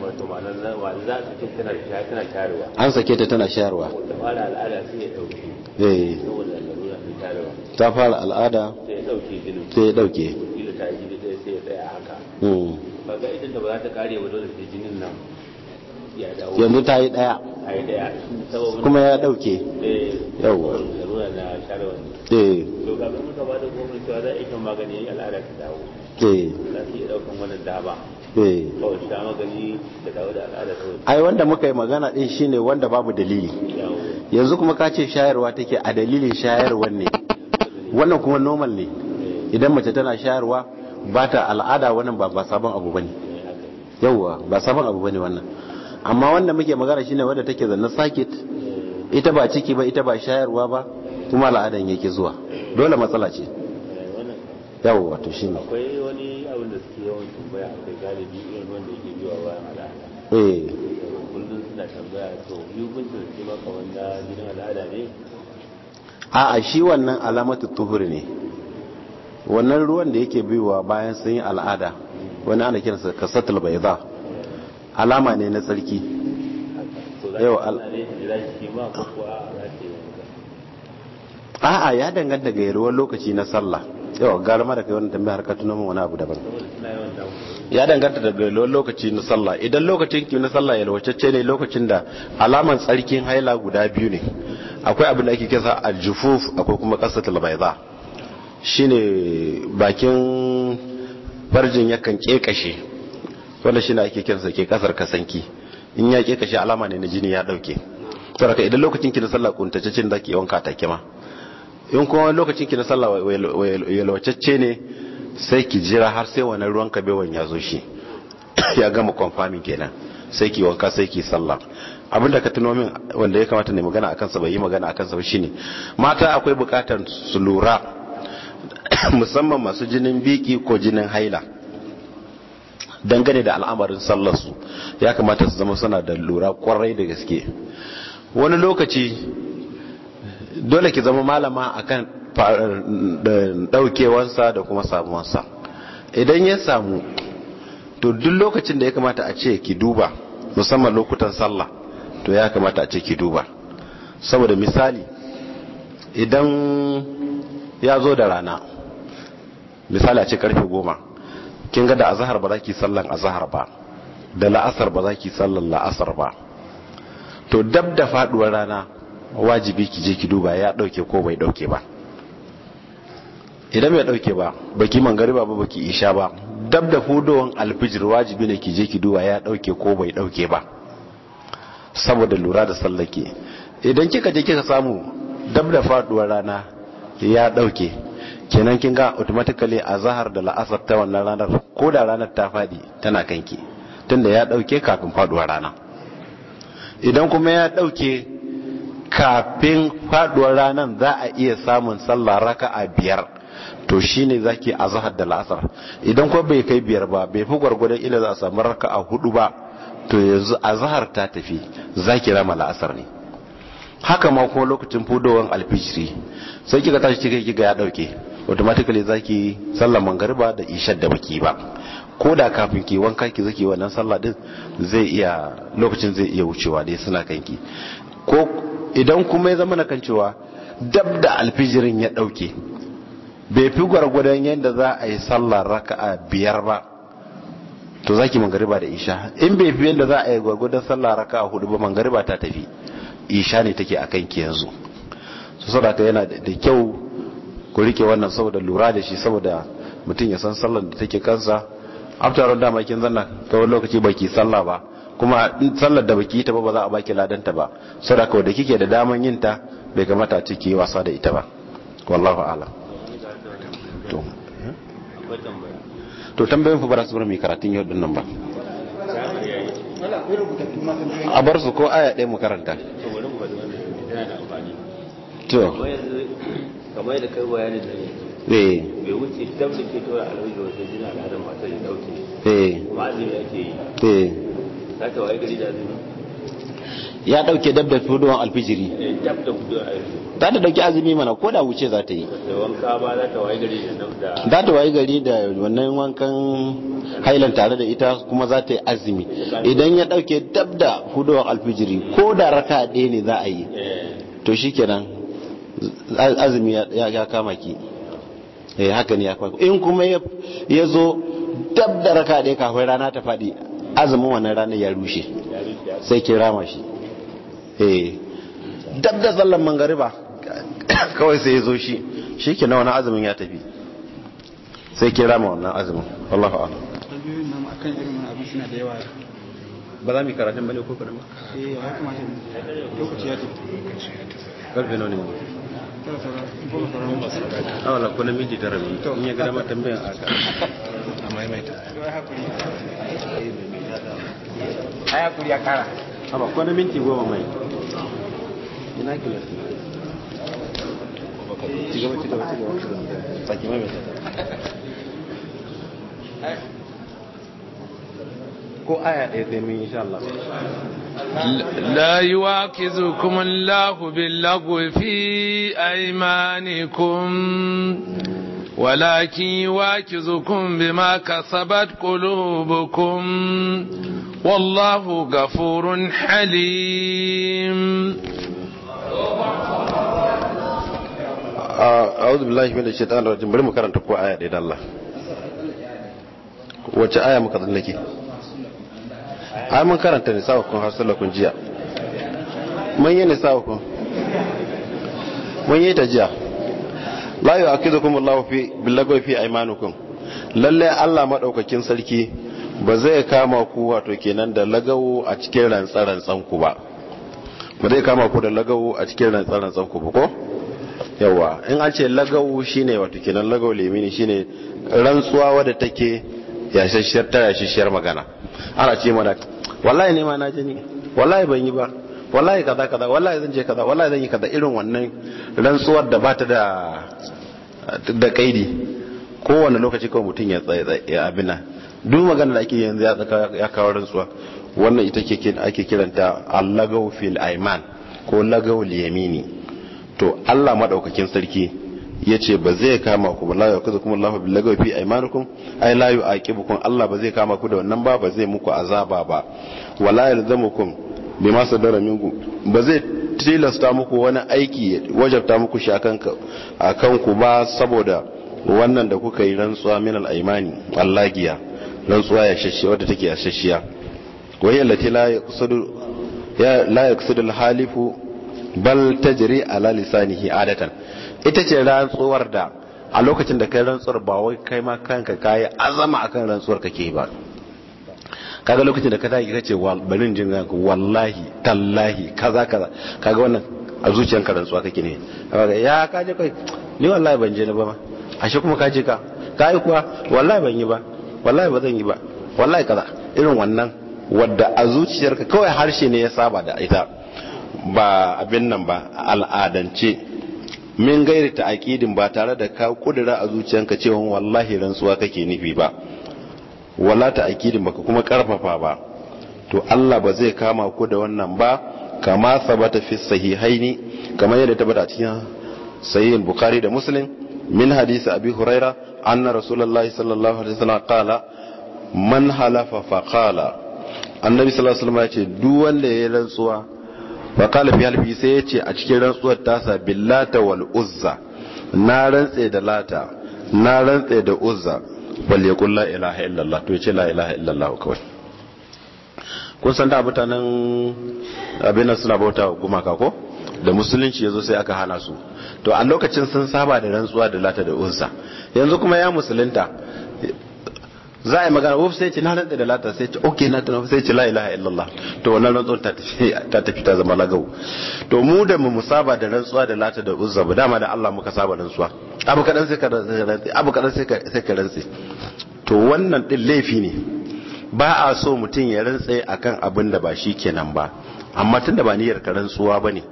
wato ma'anar za su an sake ta tana shayarwa ta fara al'ada sai ya dauke eh. ya ta hmm. za ta kare ya yanzu ta yi daya kuma ya dauke eh. eh. ta dawo Eh. Eh. ai wanda muka yi magana din shine wanda babu dalili yanzu kuma ka ce shayarwa take a dalilin shayarwar ne wannan kuma normal ne idan mace tana shayarwa ba ta al'ada wannan ba sabon abu bane yauwa ba sabon abu bane wannan amma wanda muke magana shine wanda take zanna sakit ita ba ciki ba ita ba shayarwa ba kuma al'adan yake zuwa dole matsala ce yawwa to shine akwai wani abin da ne a'a shi wannan alamatu tuhuri ne wannan ruwan da yake biwa bayan sun yi al'ada wani ana kiransa kasatul za." alama ne na tsarki yau al a'a ya danganta ga ruwan lokaci na sallah yau gara ma da kai wannan tambayar harkar tuno wani abu daban ya danganta daga lokaci na sallah idan lokacin ki na sallah ya yalwacacce ne lokacin da alaman tsarkin haila guda biyu ne akwai abin da ake kisa aljufuf akwai kuma qasatul Shi shine bakin farjin yakan kekashe wanda shine ake kiransa ke kasar kasanki in ya kekashe alama ne na jini ya dauke saboda idan lokacin ki na sallah kuntataccen zaki wanka take ma in kuma wani lokacin ki na sallah yalwacacce ne sai ki jira har sai wannan ruwan kabewan ya zo shi ya gama confirming kenan sai ki wanka sai ki sallah abinda ka tuno min wanda ya kamata ne magana akan sa bai yi magana akan sa shine mata akwai bukatar su lura musamman masu jinin biki ko jinin haila dangane da al'amarin sallar su ya kamata su zama suna da lura kwarai da gaske wani lokaci dole ki zama malama akan daukewansa da kuma samuwansa idan ya samu to duk lokacin da ya kamata a ce ki duba musamman lokutan sallah to ya kamata a ce ki duba saboda misali idan ya zo da rana misali a ce karfe goma kin ga da azahar ba za ki sallan azahar ba da la'asar ba za ki sallan la'asar ba to dab da faduwar rana wajibi ki je ki duba ya dauke ko bai dauke ba idan bai dauke ba baki mangariba ba baki isha ba dab da hudowan alfijir wajibi ne ki je ki duba ya dauke ko bai dauke ba saboda lura da sallake idan kika je kika samu dab da faduwar rana ya dauke kenan kin ga automatically a da la'asar ta wannan ranar ko da ranar ta fadi tana kanki tunda ya dauke kafin faduwar rana idan kuma ya dauke kafin faduwar ranar za a iya samun sallah raka a biyar to shi za zaki azahar da la'asar idan kuma bai kai biyar ba bai fi gwargwadon ila za a samu raka a hudu ba to yanzu azahar ta tafi zaki rama la'asar ne haka ma kuma lokacin fudowar alfijiri sai kika tashi kika kiga ya dauke automatically zaki sallar ba da ishar da baki ba ko da kafin ki wanka ki zaki wannan sallah din zai iya lokacin zai iya wucewa dai suna kanki ko idan kuma ya zama na kan cewa dab da alfijirin ya ɗauke bai fi gwargwadon yadda za a yi sallar a biyar ba to zaki mangariba da isha in bai fi yadda za a yi gwargwadon sallar a hudu ba mangariba ta tafi isha ne take a kan yanzu su sadaka yana da kyau ku rike wannan saboda lura da shi saboda mutum ya san sallar da take kansa after dama kin zanna kawai lokaci baki sallah ba kuma sallar da baki ta ba ba za a baki ladanta ba sadaka da kike da daman yin ta bai kamata a ciki wasa da ita ba wallahu ala to eh? tambayin fa bara su bar mai karatun yau dinnan ba a bar su ko aya ɗaya mu karanta to kamar da kai bayani da ne eh. bai wuce tabbata ke tora alwajo wata jina al'adar matar ya dauke eh. ma'azin azumi ake yi waye gari da azumi ya dauke dab da fuduwan alfijiri eh, dab da fudowar alfijiri za ta dauki azumi mana ko da wuce za ta yi da wanka ba za ta waye gari da waye gari da wannan wankan hailan tare da ita kuma za ta yi azumi idan ya dauke dab da fuduwan alfijiri ko da raka ɗaya ne za a yi eh. to shikenan azumi ya kama ki eh haka ne ya kwa in kuma ya zo dab da raka ɗaya kafin rana ta faɗi azumin wannan ranar ya rushe sai kin rama shi eh. dab da sallan mangariba kawai sai ya zo shi shi ke na wani azumin ya tafi sai kin rama wannan azumin Allahu ba za mu yi karatun bane ko eh ya lokaci ya tafi karfe nau ne ah, miji da in ya gada ma tambayan a maimaita aya kuri ya kara ko minti goma mai ina aya ɗaya لا يواكزكم الله باللغو في أيمانكم ولكن يواكزكم بما كسبت قلوبكم والله غفور حليم أعوذ بالله من الشيطان الرجيم bari mu karanta ko aya da Allah wace aya muka tsallake ai mun karanta ne sawa kun hasala kun jiya mun yi ne sawa kun mun yi ta jiya la yu'akidukum Allahu fi billahi fi imanukun lalle Allah maɗaukakin sarki ba zai kama ku wato kenan da lagawo a cikin rantsarantsan ku ba ba zai kama ku da lagawo a cikin rantsarantsan ku ba ko yawa in an ce lagawo shine wato kenan lagawo lemini shine rantsuwa wadda take yashashiyar ta shishiyar magana ana ce mana wallahi ne ma na jini wallahi ban yi ba wallahi kaza kaza wallahi zan je kaza wallahi zan yi kaza irin wannan rantsuwar da ba ta da da kaidi kowane lokaci kawai mutum ya tsaye ya abina duk magana da ake yanzu ya tsaka ya kawo rantsuwa wannan ita ke ake kiranta allagaw fil aiman ko lagaw yamini to Allah madaukakin sarki ya ce ba zai kama ku ba la kaza kuma Allah bil lagaw fi aimanukum ai la yu'aqibukum Allah ba zai kama ku da wannan ba ba zai muku azaba ba wala yalzamukum bi masu dara minku ba zai tilasta muku wani aiki wajabta muku shi a kanku ba saboda wannan da kuka yi rantsuwa min al'aimani allagiya rantsuwa ya shashiya wadda take a shashiya wai allati la yaqsidu al-halifu bal tajri ala lisanihi adatan ita ce rantsuwar da a lokacin da kai rantsuwar ba wai kai ma kanka kayi azama akan rantsuwar kake ba kaga lokacin da ka tashi kace barin jin wallahi tallahi kaza kaza kaga wannan a zuciyar ka rantsuwa kake ne kaga ya ka je kai ni wallahi ban je na ba ashe kuma ka je ka ka yi kuwa wallahi ban yi ba wallahi ba zan yi ba wallahi kaza irin wannan wadda a zuciyarka kawai harshe ne ya saba da ita ba abin nan ba al'adance min gairi aqidin ba tare da ka kudura a zuciyanka cewa wallahi rantsuwa kake nufi ba wala ta akidin baka kuma karfafa ba to Allah ba zai kama ku da wannan ba kama sabata fi sahihaini kamar yadda tabbata cikin sahihin bukhari da muslim min hadisi abi huraira anna rasulullahi sallallahu alaihi wasallam qala man halafa fa qala annabi sallallahu alaihi wasallam ya ce duk wanda ya rantsuwa fa qala fi halfi sai yace a cikin rantsuwar tasa billata wal uzza na rantse da lata na rantse da uzza bal ya la ilaha illallah to ce la ilaha illallah kawai kun san da mutanen abin suna bauta gumaka ko da musulunci yazo sai aka hana su to a lokacin sun saba da rantsuwa da lata da unsa yanzu kuma ya musulunta za a yi magana wuf sai ce na nan da lata sai ce ok na tana sai ce la ilaha illallah to wannan rantsuwar ta tafi ta zama lagawo to mu da mu musaba da rantsuwa da lata da uzza ba dama da Allah muka saba rantsuwa abu kadan sai ka rantsi abu kadan sai ka rantsi to wannan din laifi ne ba a so mutum ya rantsa akan abin da ba shi kenan ba amma tun da ba niyyar ka rantsuwa ba ne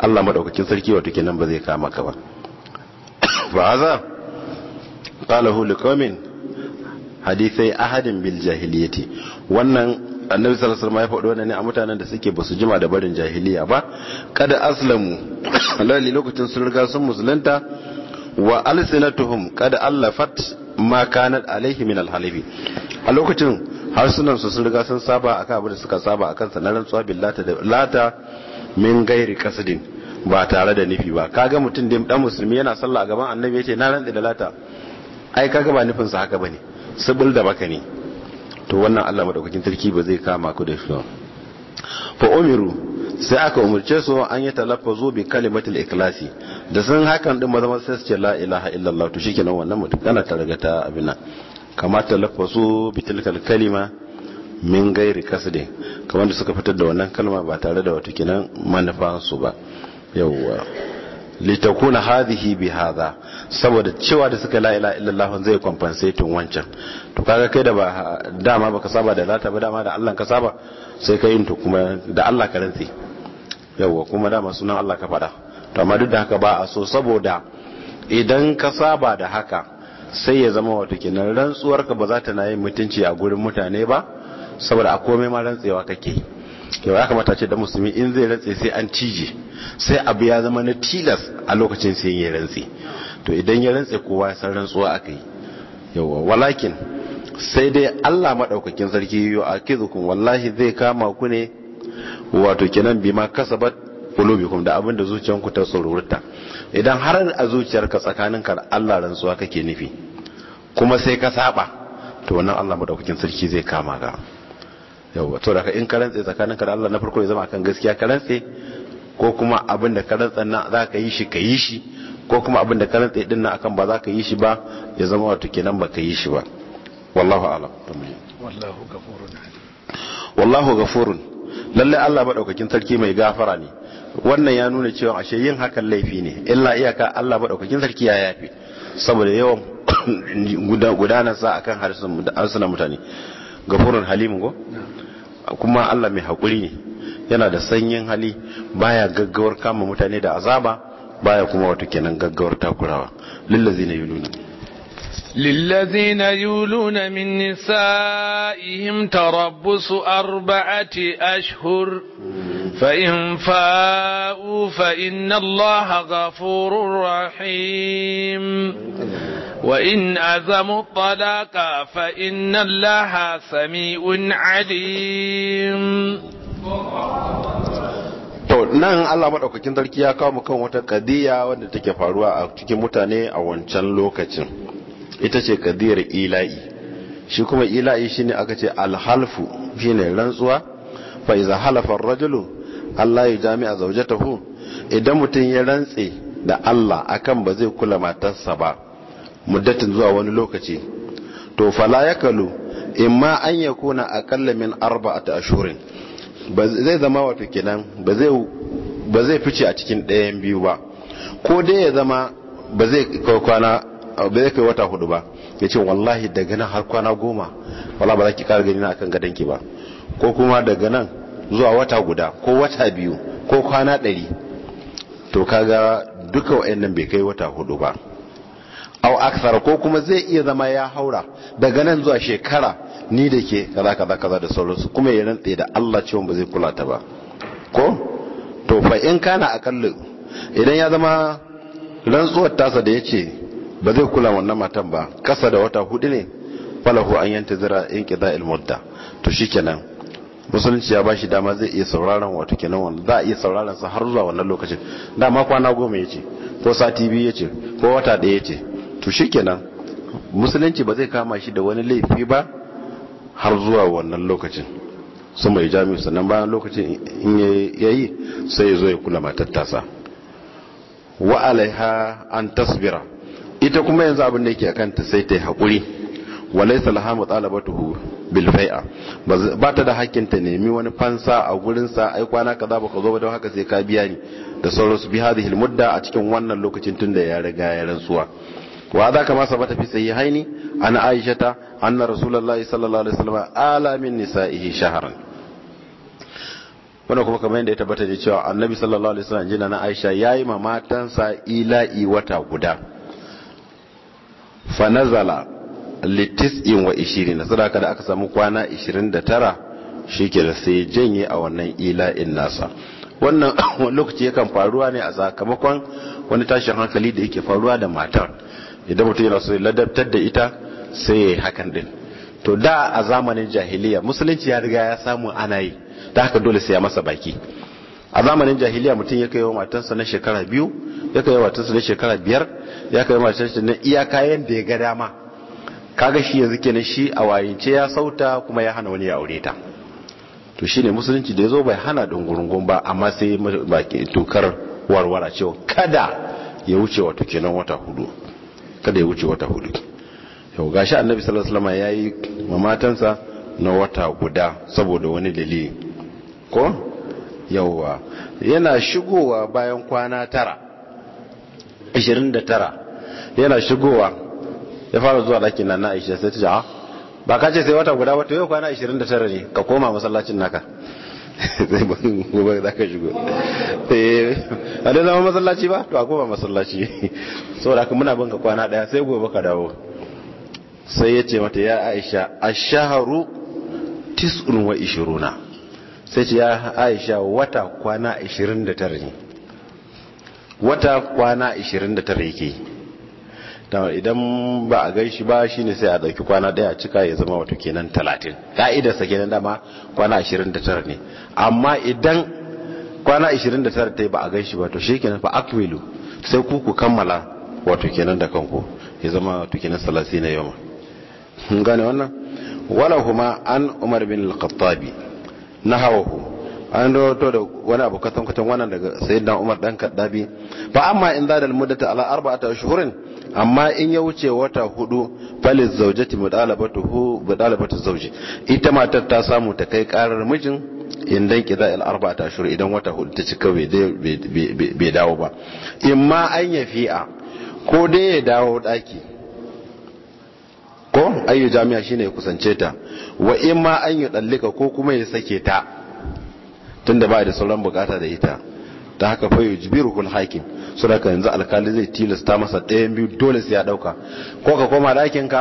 Allah madaukakin sarki wato kenan ba zai kama ka ba ba za qalahu liqaumin hadithai ahadin bil jahiliyati wannan annabi sallallahu alaihi wasallam ya faɗo wannan ne a mutanen da suke basu jima da barin jahiliya ba kada aslamu lalli lokacin sun riga sun musulunta wa alsinatuhum kada allafat ma kanat alaihi min alhalifi a lokacin harsunan su sun riga sun saba akan abin da suka saba akan sa na rantsuwa billata da lata min gairi kasidin ba tare da nufi ba kaga mutum da dan musulmi yana sallah gaban annabi yace na rantsi da lata ai kaga ba nufin sa haka bane sabul da baka ne to wannan Allah madaukakin sarki ba zai kama ku da shi ba fa umiru sai aka umurce su an yi talaffuzo bi kalimatul ikhlasi da san hakan din maza sai su ce la ilaha illallah to shikenan wannan mutum kana ta riga ta abina kama talaffuzo bi tilkal kalima min gairi kasde kamar da suka fitar da wannan kalma ba tare da wato kinan manufansu ba yawwa litakuna hadhihi bi hadha saboda cewa da suka la illa illallah zai compensating wancan to kaga kai da ba dama baka saba da lata ba dama da Allah ka saba sai ka yin to kuma da Allah ka rantsi yawa kuma dama sunan Allah ka fada to amma duk da haka ba a so saboda idan ka saba da haka sai ya zama wato kenan rantsuwarka ba za ta na yin mutunci a gurin mutane ba saboda a komai ma rantsewa kake ke yau ya kamata ce da musulmi in zai rantse sai an cije sai abu ya zama na tilas a lokacin sai ya rantse to idan ya rantse kowa ya san rantsuwa aka yi yawa walakin sai dai Allah maɗaukakin sarki yau a kizukun wallahi zai kama ku ne wato kenan bi ma kasabat kulubikum da abin da zuciyanku ta tsorurta idan har a zuciyarka tsakaninka da Allah rantsuwa kake nufi kuma sai ka saba to wannan Allah maɗaukakin sarki zai kama ka yawa to da in ka rantse tsakaninka da Allah na farko ya zama kan gaskiya ka ko kuma abin da ka nan za ka yi shi ka yi shi ko kuma abin da ka rantsa din nan akan ba za ka yi shi ba ya zama wato kenan ba ka yi shi ba wallahu a'lam wallahu ghafurun wallahu ghafurun lalle Allah madaukakin sarki mai gafara ne wannan ya nuna cewa ashe yin hakan laifi ne illa iyaka Allah madaukakin sarki ya yafi saboda yawan gudanar sa akan harsunan mutane gafurun halimu go kuma Allah mai haƙuri ne yana da sanyin hali baya gaggawar kama mutane da azaba baya kuma wata kenan gaggawar takurawa lillazina na lillazina yuluna min nisa'ihim tarabbusu arba'ati ashhur fa in fa'u fa inna allaha ghafurur rahim wa in azamu talaqa fa inna allaha sami'un 'alim nan Allah maɗaukakin sarki ya kawo mu kan wata kadiya wanda take faruwa a cikin mutane a wancan lokacin ita ce kadiyar ila'i shi kuma ila'i ne aka ce alhalfu ne rantsuwa fa iza halafar rajulu Allah ya ta hu idan mutum ya rantse da Allah akan ba zai kula matarsa ba muddatin zuwa wani lokaci to fala yakalu imma an yakuna aqalla min arba'ati ashhurin zai zama wato kenan ba zai fice a cikin ɗayan biyu ba ko dai ya zama ba zai kwana ba zai kai wata hudu ba ya ce wallahi daga nan har kwana goma wala ba za ki kara gani na akan gadonki ba ko kuma daga nan zuwa wata guda ko wata biyu ko kwana ɗari to kaga duka wa'annan bai kai wata hudu ba au aksara ko kuma zai iya zama ya haura daga nan zuwa shekara ni da ke kaza kaza kaza da sauransu kuma ya rantse da Allah cewa ba zai kula ta ba ko to fa in kana akallu idan ya zama rantsuwar tasa da yace ba zai kula wannan matan ba kasa da wata hudu ne falahu an yantazira in al mudda to shikenan musulunci ya bashi dama zai iya sauraron wato kenan wanda za a iya sauraron sa har zuwa wannan lokacin dama kwana goma yace ko sati biyu yace ko wata daya yace to shikenan musulunci ba zai kama shi da wani laifi ba har zuwa wannan lokacin sun mai jami sannan bayan lokacin in ya yi sai ya zo ya kula matattasa. wa alaiha an tasbira ita kuma yanzu abin da yake a kanta sai ta yi haƙuri laisa lahamu talabatuhu bil fai'a ba ta da hakkin ta nemi wani fansa a gurin ai kwana kaza ka zo ba don haka sai ka biya ni da sauransu bi hadhihi mudda a cikin wannan lokacin tunda ya riga ya rantsuwa wa za ka masa bata fi sahihaini an aishata anna rasulullahi sallallahu alaihi wasallam ala min nisa'ihi shahran wannan kuma kamar yadda ya tabbata da cewa annabi sallallahu alaihi wasallam jina na aisha yayi ma matansa ila'i wata guda fa nazala litis'in wa ishirina sadaka da aka samu kwana 29 shikenan sai janye a wannan ila'in nasa wannan lokaci yakan faruwa ne a sakamakon wani tashin hankali da yake faruwa da matar idan mutum yana so ladabtar da ita sai ya yi hakan din to da a zamanin jahiliya musulunci ya riga ya samu ana yi da haka dole sai ya masa baki a zamanin jahiliya mutum ya kai wa matansa na shekara biyu ya kai wa matansa na shekara biyar ya kai wa matansa na kayan da ya ga dama kaga shi yanzu kenan shi a wayance ya sauta kuma ya hana wani ya aure ta to shine musulunci da ya bai hana dungurungun ba amma sai tokar warwara cewa kada ya wuce wato kenan wata hudu kada ya wuce wata hudu yau gashi annabi sallallahu alaihi wasallam yayi mamatansa na wata guda saboda wani dalili ko yauwa yana shigowa bayan kwana tara 29 yana shigowa ya fara zuwa daki nan na aisha sai ta ce ah, ba ka ce sai wata guda wata yau kwana 29 ne ka koma masallacin naka zai gobe za ka shigo eh, a da zama masallaci ba to a koma masallaci saboda haka muna banka kwana daya sai gobe ka dawo sai ya ce mata ya aisha a shaharu tis'un wa ishiruna sai ce ya aisha wata kwana 29 ne wata kwana 29 yake yi ta idan ba a gaishi ba shi ne sai a dauki kwana daya a cika ya zama wato kenan 30 ka'idar sa kenan dama kwana 29 ne amma idan kwana 29 ta yi ba a gaishi ba to kenan fa akwilu sai ku ku kammala wato kenan da kanku ya zama wato kenan salasi na yamma mun gane wannan wala huma an umar bin al-khattabi nahawahu an rawato da wani abu katon katon wannan daga sayyidina Umar dan Kaddabi fa amma in zada al-muddata ala arba'ata shuhurin amma in ya wuce wata hudu fali zawjati mudalabatuhu mudalabatu zawji ita matar ta samu ta kai karar mijin in dan kida al arba'ata shuhur idan wata hudu ta cika bai dawo ba in ma an yafi'a ko dai ya dawo daki ko ayu jami'a shine ya kusance ta wa in ma an yi dallika ko kuma ya sake ta tunda ba da sauran bukata da ita ta haka fa yujbiru kul hakim sura haka yanzu alkali zai tilasta masa ɗayan biyu dole sai ya dauka ko ka koma ɗakin ka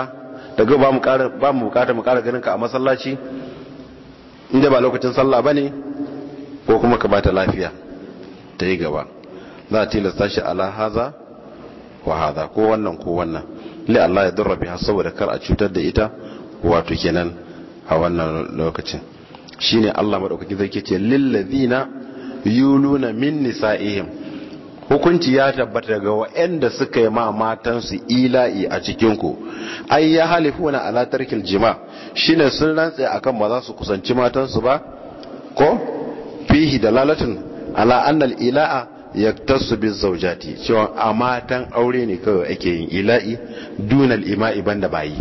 daga ba mu ƙara ba mu bukata mu ƙara ganin ka a masallaci inda ba lokacin sallah bane ko kuma ka bata lafiya ta yi gaba za a tilasta shi ala haza wa haza ko wannan ko wannan li Allah ya durra biha saboda kar a cutar da ita wato kenan a wannan lokacin shine Allah madaukakin sarki ce lillazina yuluna min nisa'ihim hukunci ya tabbata ga waɗanda suka yi ma matansu ila'i a cikin ku ai ya halifuna na tarkil jima shine sun rantse akan ba za su kusanci matansu ba ko fihi dalalatin ala annal ila'a yaktasu bi zaujati cewa a matan aure ne kawai ake yin ila'i dunal ima'i banda bayi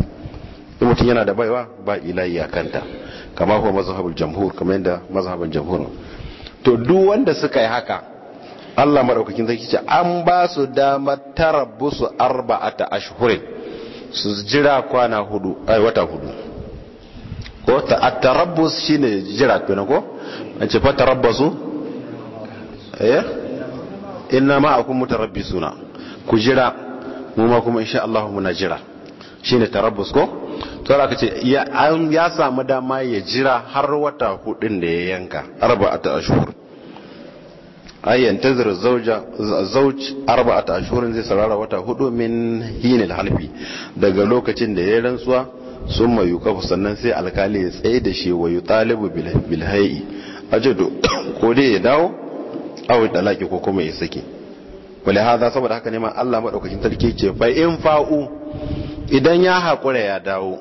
mutum yana da baiwa ba ila'i a kanta kama kuma mazhabul jamhur kama yadda mazhabin jamhur to duk wanda suka yi haka Allah maraukakin zai ce an ba su damar tarabbusu arba'ata ashhurin su jira kwana hudu ai wata hudu ko ta'attarabbus shine jira kenan ko an ce fa tarabbasu eh inna ma'akum mutarabbisuna ku jira mu ma kuma insha Allah muna jira shine tarabbus ko to aka ce ya samu dama ya jira har wata hudun da ya yanka arba'ata ashhur ay yantazir zauj arba a ta'ashurin zai sarara wata hudu min hinil halfi daga lokacin da ya rantsuwa sun mai yukafu sannan sai alkali ya tsaye da shi wa yutalibu bil hay'i ajadu ko dai ya dawo aw talaki ko kuma ya sake wale haza saboda haka neman Allah maɗaukakin sarki ce fa in fa'u idan ya haƙura ya dawo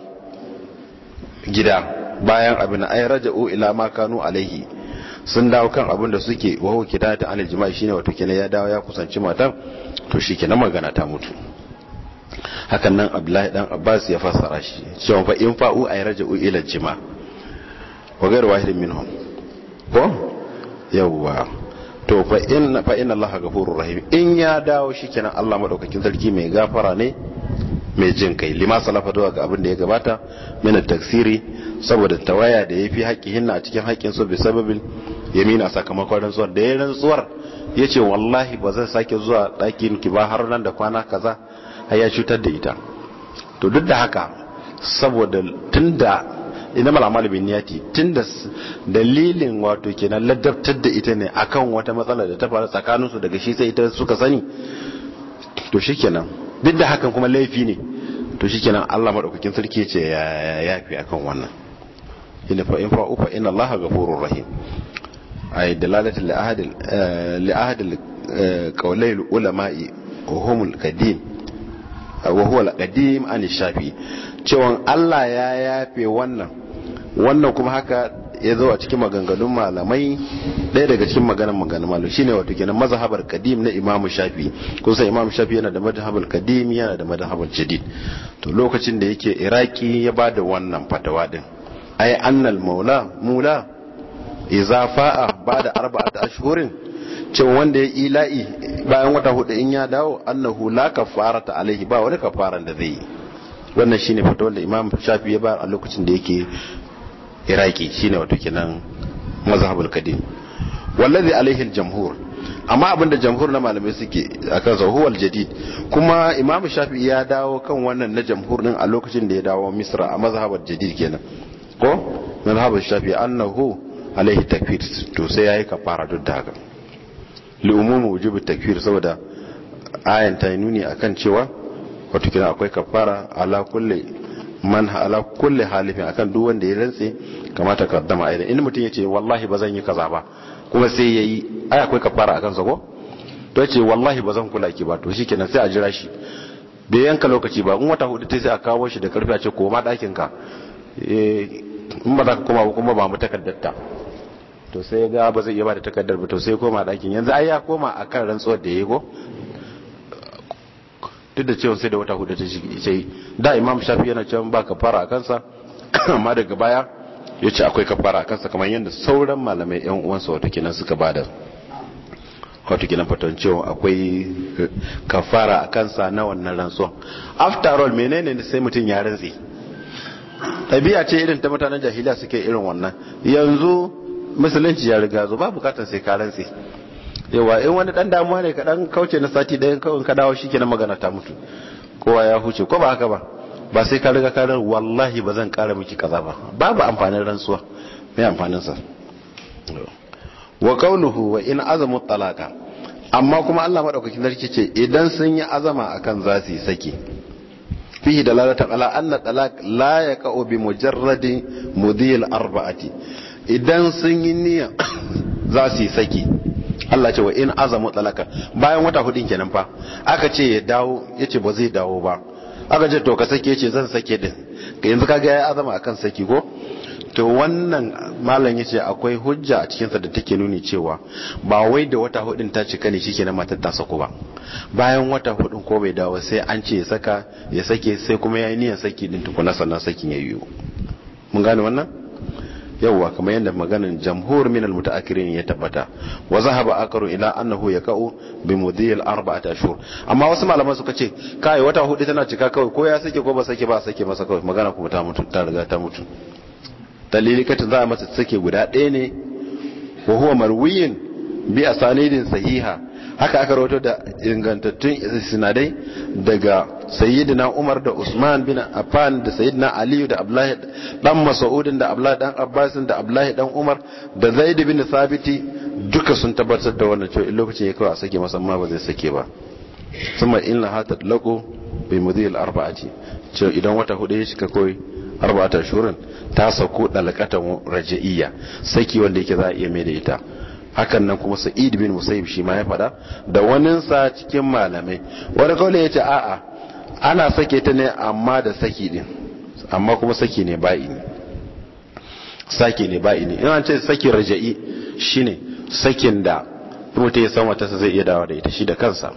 gida bayan abin ay raja'u ila ma kanu alaihi sun dawo kan abin da suke wa da kidata anil jima'i shine wato kenan ya dawo ya kusanci matan to shikenan magana ta mutu hakan nan Abdullahi dan Abbas ya fassara shi cewa fa in fa'u ay raja'u ila jima' wa ghayr wahidin minhum ko yawwa to fa inna fa inna allaha ghafurur rahim in ya dawo shikenan Allah madaukakin sarki mai gafara ne mai jin kai lima salafa zuwa ga abin da ya gabata mina taksiri saboda tawaya da ya fi haƙƙihin a cikin haƙƙin su bi sababin yamina sakamakon rantsuwar da ya rantsuwar yace wallahi ba zai sake zuwa ɗakin ki ba har nan da kwana kaza har ya cutar da ita to duk da haka saboda tunda inama da bin niyati da dalilin wato kenan ladabtar da ita ne akan wata matsala da ta faru tsakanin su daga shi sai ita suka sani to shikenan duk da hakan kuma laifi ne to shikenan Allah madaukakin sarki ce ya yafi akan wannan inna fa in fa'u fa inna Allah ghafurur rahim ay dalalatu li ahad eh, li ahad eh, al ulama'i wa al qadim wa huwa al qadim an shafi cewa Allah ya yafe wannan wannan kuma haka ya zo a cikin maganganun malamai ɗaya daga cikin maganan maganganun malamai shine wato kenan mazhabar kadim na imam shafi ko sai imam shafi yana da mazhabul kadim yana da mazhabul jadid to lokacin da yake iraki ya da wannan fatawa din ai annal maula mula idza fa'a ba'da arba'ati ashhurin cewa wanda ya ila'i bayan wata hudu in ya dawo annahu la kafarata alaihi ba wani kafaran da zai yi wannan shine fatawar da imam shafi ya ba a lokacin da yake iraki shine wato kenan mazhabul qadim wallazi alaihi al-jamhur amma abinda jamhur na malamai suke akan sa huwal jadid kuma imam shafi ya dawo kan wannan na jamhur din a lokacin da ya dawo misra a mazhabar jadid kenan ko mazhabar shafi annahu alaihi takfir to sai yayi kafara duk da haka li umumu wujubi takfir saboda ayan ta nuni akan cewa wato kina akwai kafara ala kulli man ala kulli halifin akan duk wanda ya rantse kamata ka dama aidan in mutum yace wallahi bazan yi kaza ba kuma sai yayi ai akwai kafara akan sa ko to yace wallahi bazan kula ki ba to shikenan sai a jira shi bai yanka lokaci ba in wata hudu sai a kawo shi da karfi a ce koma dakin ka eh, in ba za ka koma kuma ba mu takardar ta to sai ya ga ba zai iya ba da takardar ba to sai koma dakin yanzu ai ya koma akan rantsuwar da yayi ko duk da cewa sai da wata hudu ta yi da imam shafi yana cewa ba kafara a kansa amma daga baya ya ce akwai kafara a kansa kamar yadda sauran malamai yan uwansa watakilan suka bada watakilan fatan cewa akwai eh, kafara a kansa na wannan rantsuwa after all menene sai mutum ya rantsi ɗabi'a ce irin ta mutanen jahiliya suke irin wannan yanzu musulunci ya riga zo ba bukatar sai ka rantsi yawa in wani dan damuwa ne kaɗan kauce na sati ɗayan kawai ka dawo shi kenan magana ta mutu kowa ya huce ko ba haka ba ba sai ka riga karar wallahi ba zan kara miki kaza ba babu amfanin rantsuwa mai amfanin sa wa qawluhu wa in azamu talaka amma kuma Allah madaukakin sarki ce idan sun yi azama akan za su yi saki fihi dalalatan ala anna talaq la yaqa'u bi mujarradi mudhil arba'ati idan sun yi niyya za su yi saki Allah ce wa in azamu talaka bayan wata hudin kenan fa aka ce ya dawo yace ba zai dawo ba aka ce to ka sake yace zan sake din ka yanzu kaga ya azama akan saki ko to wannan malam yace akwai hujja a cikin sa da take nuni cewa ba wai da wata hudin ta cika ne shikenan matar ta sako ba bayan wata hudin ko bai dawo sai an ce ya saka ya sake sai kuma yayi niyyar saki din tukuna sannan sakin ya yiwu mun gane wannan yawwa kamar yadda maganin jamhur min almutaakirin ya tabbata wa zahaba akaru ila annahu yaqau bi mudhil arba'ata ashhur amma wasu malaman suka ce kai wata hudu tana cika kawai ko ya sake ko ba sake ba sake masa kawai magana kuma ta mutu ta riga ta mutu dalili katin za a masa sake guda ɗaya ne wa huwa marwiyin bi asanidin sahiha haka aka rawato da ingantattun sinadai daga sayyidina Umar da Usman bin Affan da sayyidina Ali da Abdullahi dan Mas'ud da Abdullahi dan Abbas da Abdullahi dan Umar da Zaid bin Sabiti duka sun tabbatar da wannan cewa lokacin ya kawo a sake masa amma ba zai sake ba thumma inna hatat lako bi mudhil arba'ati cewa idan wata hudu ya shiga koi arba'ata shurun ta sako dalqatan raji'iyya saki wanda yake za a iya mai da ita hakan nan kuma sa'id bin musayib shi ma ya faɗa da waninsa cikin malamai wani kawai ya ce a'a ana sake ta ne amma da saki din amma kuma saki ne ba'i ne saki ne ba'i ne ina ce saki raja'i shine sakin da mutum ya san wata zai iya dawo da ita shi da kansa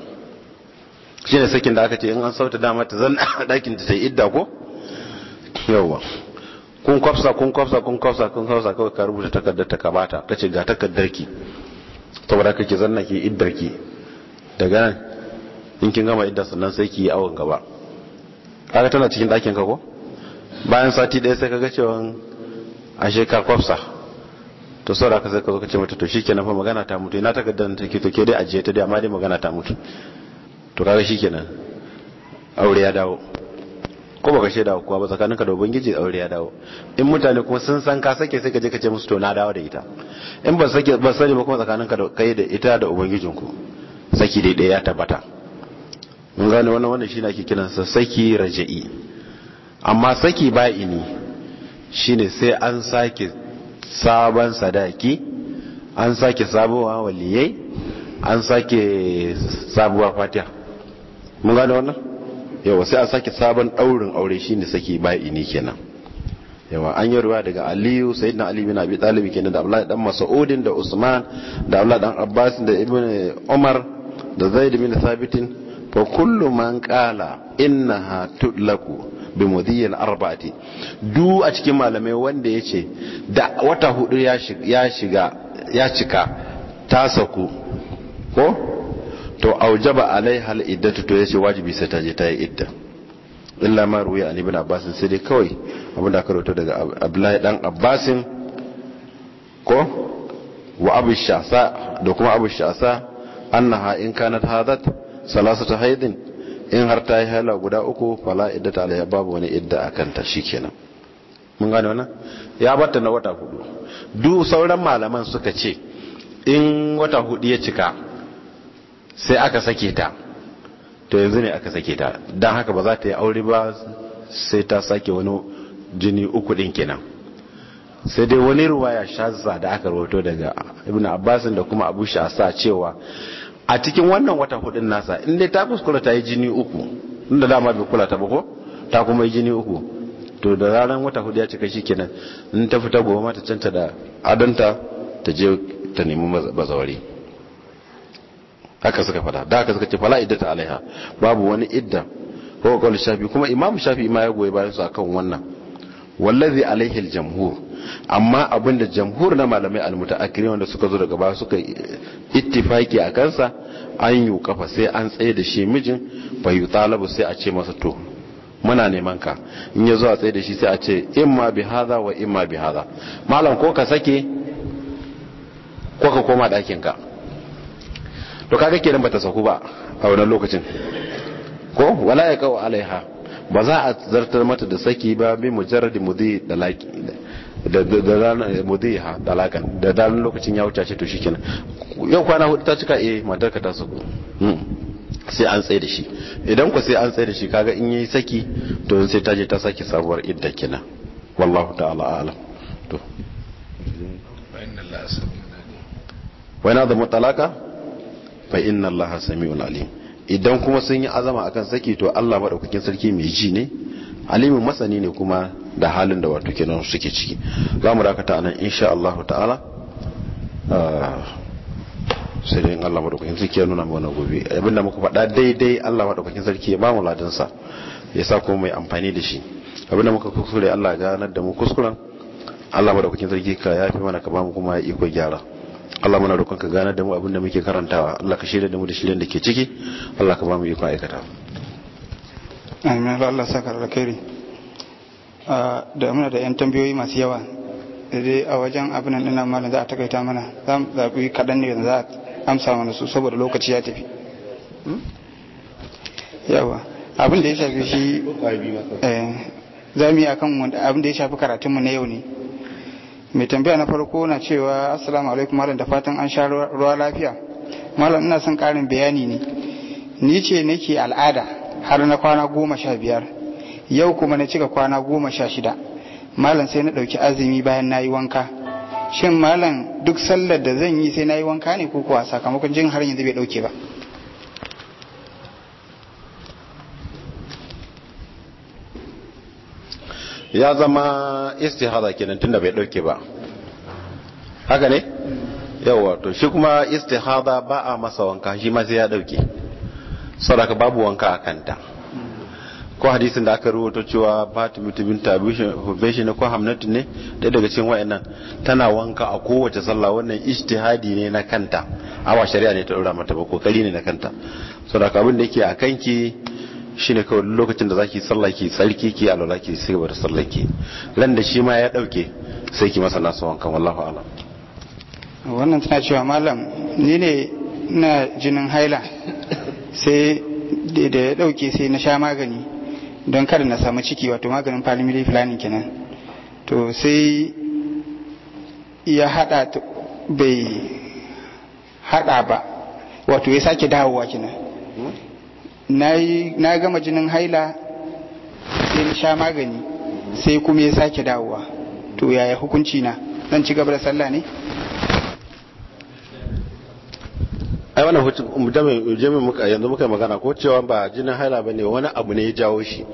shine sakin da aka ce in an sauta dama ta zan dakin ta sai idda ko yawwa kun kwafsa kun kwafsa kun kwafsa kun kwafsa kawai ka rubuta takardar ta kamata ta ce ga takardar ki saboda kake zanna ki iddar ki daga nan in kin gama iddar sannan sai ki yi awon gaba kaga tana cikin ɗakin ka ko bayan sati ɗaya sai kaga cewa ashe ka kwafsa to saboda ka sai ka zo ka ce mata to shikenan fa magana ta mutu ina takardar ta ke to ke dai ajiye ta dai amma dai magana ta mutu to kaga shikenan aure ya dawo ko baka shaida kuwa ba ba tsakaninka da ubangiji aure ya dawo in mutane kuma sun san ka sake sai ka je ka ce musu to na dawo da ita in ba sake ba sani ba kuma tsakaninka da kai da ita da ubangijin ku saki dai ya tabbata mun gane wannan wannan shine ake kiransa saki raja'i amma saki ba'ini shine sai an sake sabon sadaki an sake sabuwa waliyai an sake sabuwa fatiha mun gane wannan yawa sai a sake sabon daurin aure shine saki bai ne kenan yawa an yi ruwa daga aliyu sayyidina ali bin abi talib kenan da abdullahi dan mas'udin da usman da abdullahi dan abbas da ibn umar da zaid bin thabitin fa kullu man qala innaha tudlaku bi mudiyil arba'ati du a cikin malamai wanda yace da wata hudu ya shiga ya cika ta saku ko to aujaba alaiha iddatu to yace wajibi sai ta je ta yi idda illa ma ruwiya an ibn abbas sai dai kawai abin da aka rawaito daga abdullahi dan abbasin ko wa abu shasa da kuma abu shasa annaha in kanat hadat salasatu haidin in har ta yi haila guda uku fala iddata alaiha babu wani idda akan ta shikenan mun gane wannan ya batta na wata hudu du sauran malaman suka ce in wata hudu ya cika sai aka sake ta to yanzu ne aka sake ta don haka ba za ta yi aure ba sai ta sake wani jini uku din kenan sai dai wani ruwa ya sha shazza da aka rahoto daga ibn abbasin da kuma abu sa cewa a cikin wannan wata hudun nasa inda ta kuskura ta yi jini uku inda dama bai kula ta ba ko ta kuma yi jini uku to da ranar wata hudu ya cika shi kenan in ta fita gobe ta canta da adanta ta je ta nemi bazawari haka suka fada da haka suka ce fala iddata alaiha babu wani idda ko qaul shafi kuma imam shafi ma ya goyi bayan su akan wannan wallazi alaihi aljamhur amma abinda jamhur na malamai almutaakhirin wanda suka zo daga baya suka eh, ittifaki a kansa an yi kafa sai an tsaye da shi mijin fa talabu sai a ce masa to muna neman ka in ya zo a tsaye da shi sai a ce imma bi hadha wa imma bi hadha malam ko ka sake ko ka koma ɗakin ka to kaga kenan bata sahu ba a wannan lokacin ko wala ya kawo alaiha ba za a zartar mata da saki ba bi mujarradi mudi da laki da da mudi ha dalakan da dan lokacin ya wuce to shikenan yau kwana hudu ta cika eh matar ka ta saku hmm. sai an tsaye da shi idan ku sai an tsaye da shi kaga in yayi saki to sai ta je ta saki sabuwar idda kenan wallahu ta'ala a'lam to wa inna la wa inna da mutalaka fa inna allaha sami'un alim idan kuma sun yi azama akan saki to Allah madaukakin sarki mai ji ne alimin masani ne kuma da halin da wato kenan suke ciki za mu dakata anan insha Allah ta'ala ah, sai dai Allah madaukakin sarki ya nuna mu wannan gobe abinda muka faɗa daidai Allah madaukakin sarki ya ba mu ladan sa ya sa kuma mai amfani da shi abinda muka kuskure Allah ya ganar da mu kuskuren Allah madaukakin sarki ka yafi mana ka ba mu kuma ya iko gyara Allah muna roƙon ka gane da mu abin da muke karantawa Allah ka shirya da mu da shiryen da ke ciki Allah ka ba mu ikon aikata amin Allah saka alkhairi ah, da muna da yan tambayoyi masu yawa dai a wajen abin nan ina malam za a takaita mana za mu zabi kadan ne yanzu za a amsa mana su saboda lokaci ya tafi hmm? yawa abin da ya shafi shi eh, za mu yi akan abin da ya shafi karatunmu na yau ne mai tambaya na farko na cewa assalamu alaikum malam da fatan an sha ruwa lafiya malam ina son karin bayani ne ni ce nake al'ada har na kwana goma sha biyar yau kuma na cika kwana goma sha shida malam sai na ɗauki azumi bayan na yi wanka shin malam duk sallar da zan yi sai na yi wanka ne ko kuwa sakamakon jin har yanzu bai ɗauke ba ya zama istihada kenan tunda bai dauke ba haka ne yawa to shi kuma istihada ba a masa wanka shi ma sai ya dauke saboda babu wanka a kanta ko hadisin da aka rubuta cewa Fatima mutumin Tabishi ne ko Hamnatu ne ɗaya daga cikin wayannan tana wanka a kowace sallah wannan istihadi ne na kanta awa shari'a ne ta dora mata ba kokari ne na kanta saboda abin da yake a kanki shine kawai lokacin da zaki tsalla ki tsarki ki alwala ki sai gaba da ki ran da shi ma ya dauke sai ki masa nasu wankan wallahu a'lam wannan tana cewa malam ni ne na jinin haila sai da ya dauke sai na sha magani don kada na samu ciki wato maganin family planning kenan to sai ya hada bai hada ba wato ya sake dawowa kenan na gama jinin haila sai na sha magani sai kuma ya sake dawowa to yaya hukunci na zan ci gaba da sallah ne ai wannan hutun jami'in muka yanzu muka magana ko cewa ba jinin haila bane wani abu ne ya jawo shi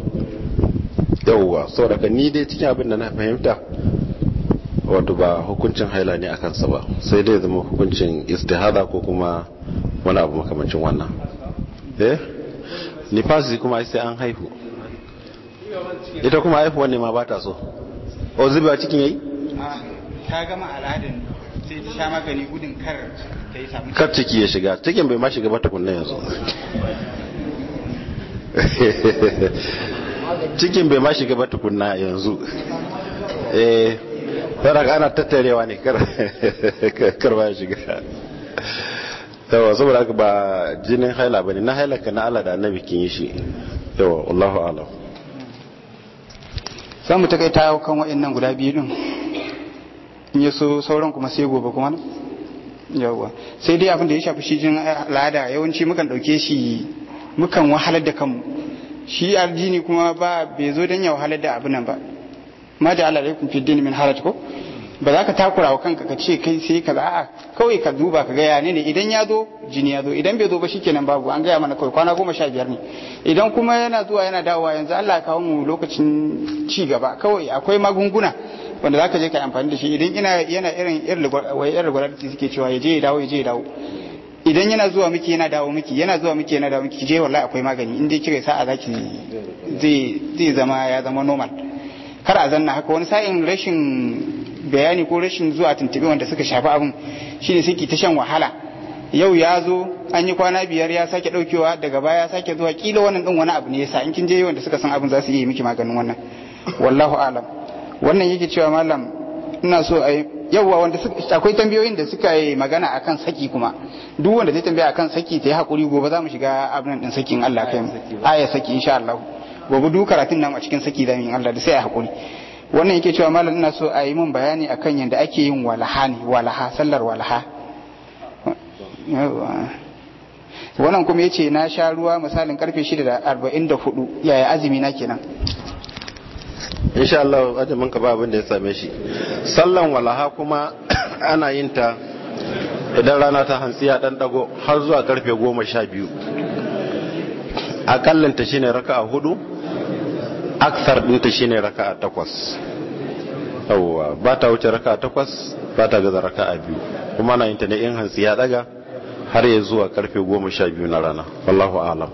yauwa saboda ni dai cikin abin da na fahimta wato ba hukuncin haila ne a kansa ba sai dai zama hukuncin istihada ko kuma wani abu makamancin wannan eh nifasi kuma sai an haihu ita kuma haihuwan ne ma ba ta so o zubi a cikin yayi ta gama al'adin sai ta sha magani gudun kar ta yi samu kar ciki ya shiga cikin bai ma shiga ba tukunna yanzu cikin bai ma shiga ba tukunna yanzu eh fara ana tattarewa ne kar kar ba shiga yawa saboda haka ba jinin haila bane na haila ka na Allah da annabi kin yi shi yawa wallahu a'lam sai mu takaita kan wayannan guda biyu din in ya so sauran kuma sai gobe kuma yawa sai dai abin da ya shafi shi jin al'ada yawanci mukan dauke shi mukan wahalar da kanmu shi aljini kuma ba bai zo dan ya wahalar da abin nan ba ma da Allah alaikum fi din min haraj ko ba za ka takura wa kanka ka ce kai sai ka a'a kawai ka duba ka ga ya ne idan ya zo jini ya zo idan bai zo ba shikenan babu an gaya mana kawai kwana goma sha biyar ne idan kuma yana zuwa yana dawowa yanzu Allah ya kawo mu lokacin ci gaba kawai akwai magunguna wanda za ka je ka amfani da shi idan ina yana irin irin da suke cewa ya je ya dawo ya je ya dawo idan yana zuwa miki yana dawo miki yana zuwa miki yana dawo miki je wallahi akwai magani in dai kire sa'a zaki zai zai zama ya zama normal kar a zanna haka wani sa'in rashin bayani ko rashin zuwa tuntuɓe wanda suka shafi abin shine suke ta shan wahala yau ya zo an yi kwana biyar ya sake ɗaukewa daga baya ya sake zuwa kila wannan ɗin wani abu ne ya sa in kin je wanda suka san abin za su iya miki maganin wannan wallahu alam wannan yake cewa malam ina so a yawwa wanda akwai tambayoyin da suka yi magana akan saki kuma duk wanda zai tambaya akan saki ta yi hakuri gobe za mu shiga abin din sakin Allah kai mu aya saki insha Allah gobe duk karatun nan a cikin saki zamu yi Allah da sai a hakuri wannan yake cewa malam ina so a yi min bayani akan yadda ake yin walaha ne walaha sallar walaha wannan kuma ya ce na sha ruwa misalin karfe 6:44 yaya azumi na kenan insha Allah azumin ka ba abin da ya same shi sallan walaha kuma ana yin ta idan rana ta hantsi ya dan dago har zuwa karfe 12 akallanta shine raka'a hudu aksar ɗinta shine raka'a takwas yawwa ba ta wuce raka'a takwas ba ta gaza raka'a biyu kuma na yin ta ne in hantsi ya daga har ya zuwa karfe goma sha biyu na rana wallahu alam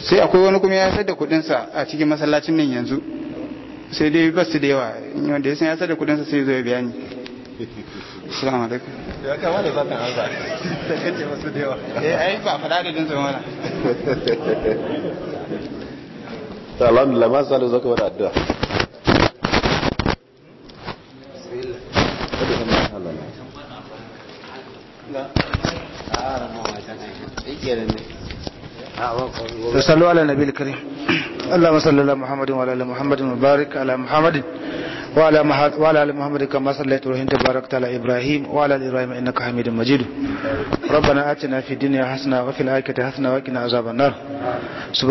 sai akwai wani kuma ya sayar da kudinsa a cikin masallacin nan yanzu sai dai su da yawa wanda ya san ya sayar da kudinsa sai zo ya bayani assalamu alaikum da ya kama da zafin harba da kace masu da yawa eh ai ba faɗa da dinsa mana ta alhamdulillah ma salu zaka bada addu'a bismillah صلوا على النبي الكريم اللهم صل على محمد وعلى ال محمد وبارك على محمد وعلى محمد وعلى ال محمد كما صليت وانت باركت على ابراهيم وعلى ال ابراهيم انك حميد مجيد ربنا اتنا في الدنيا حسنه وفي الاخره حسنه وقنا عذاب النار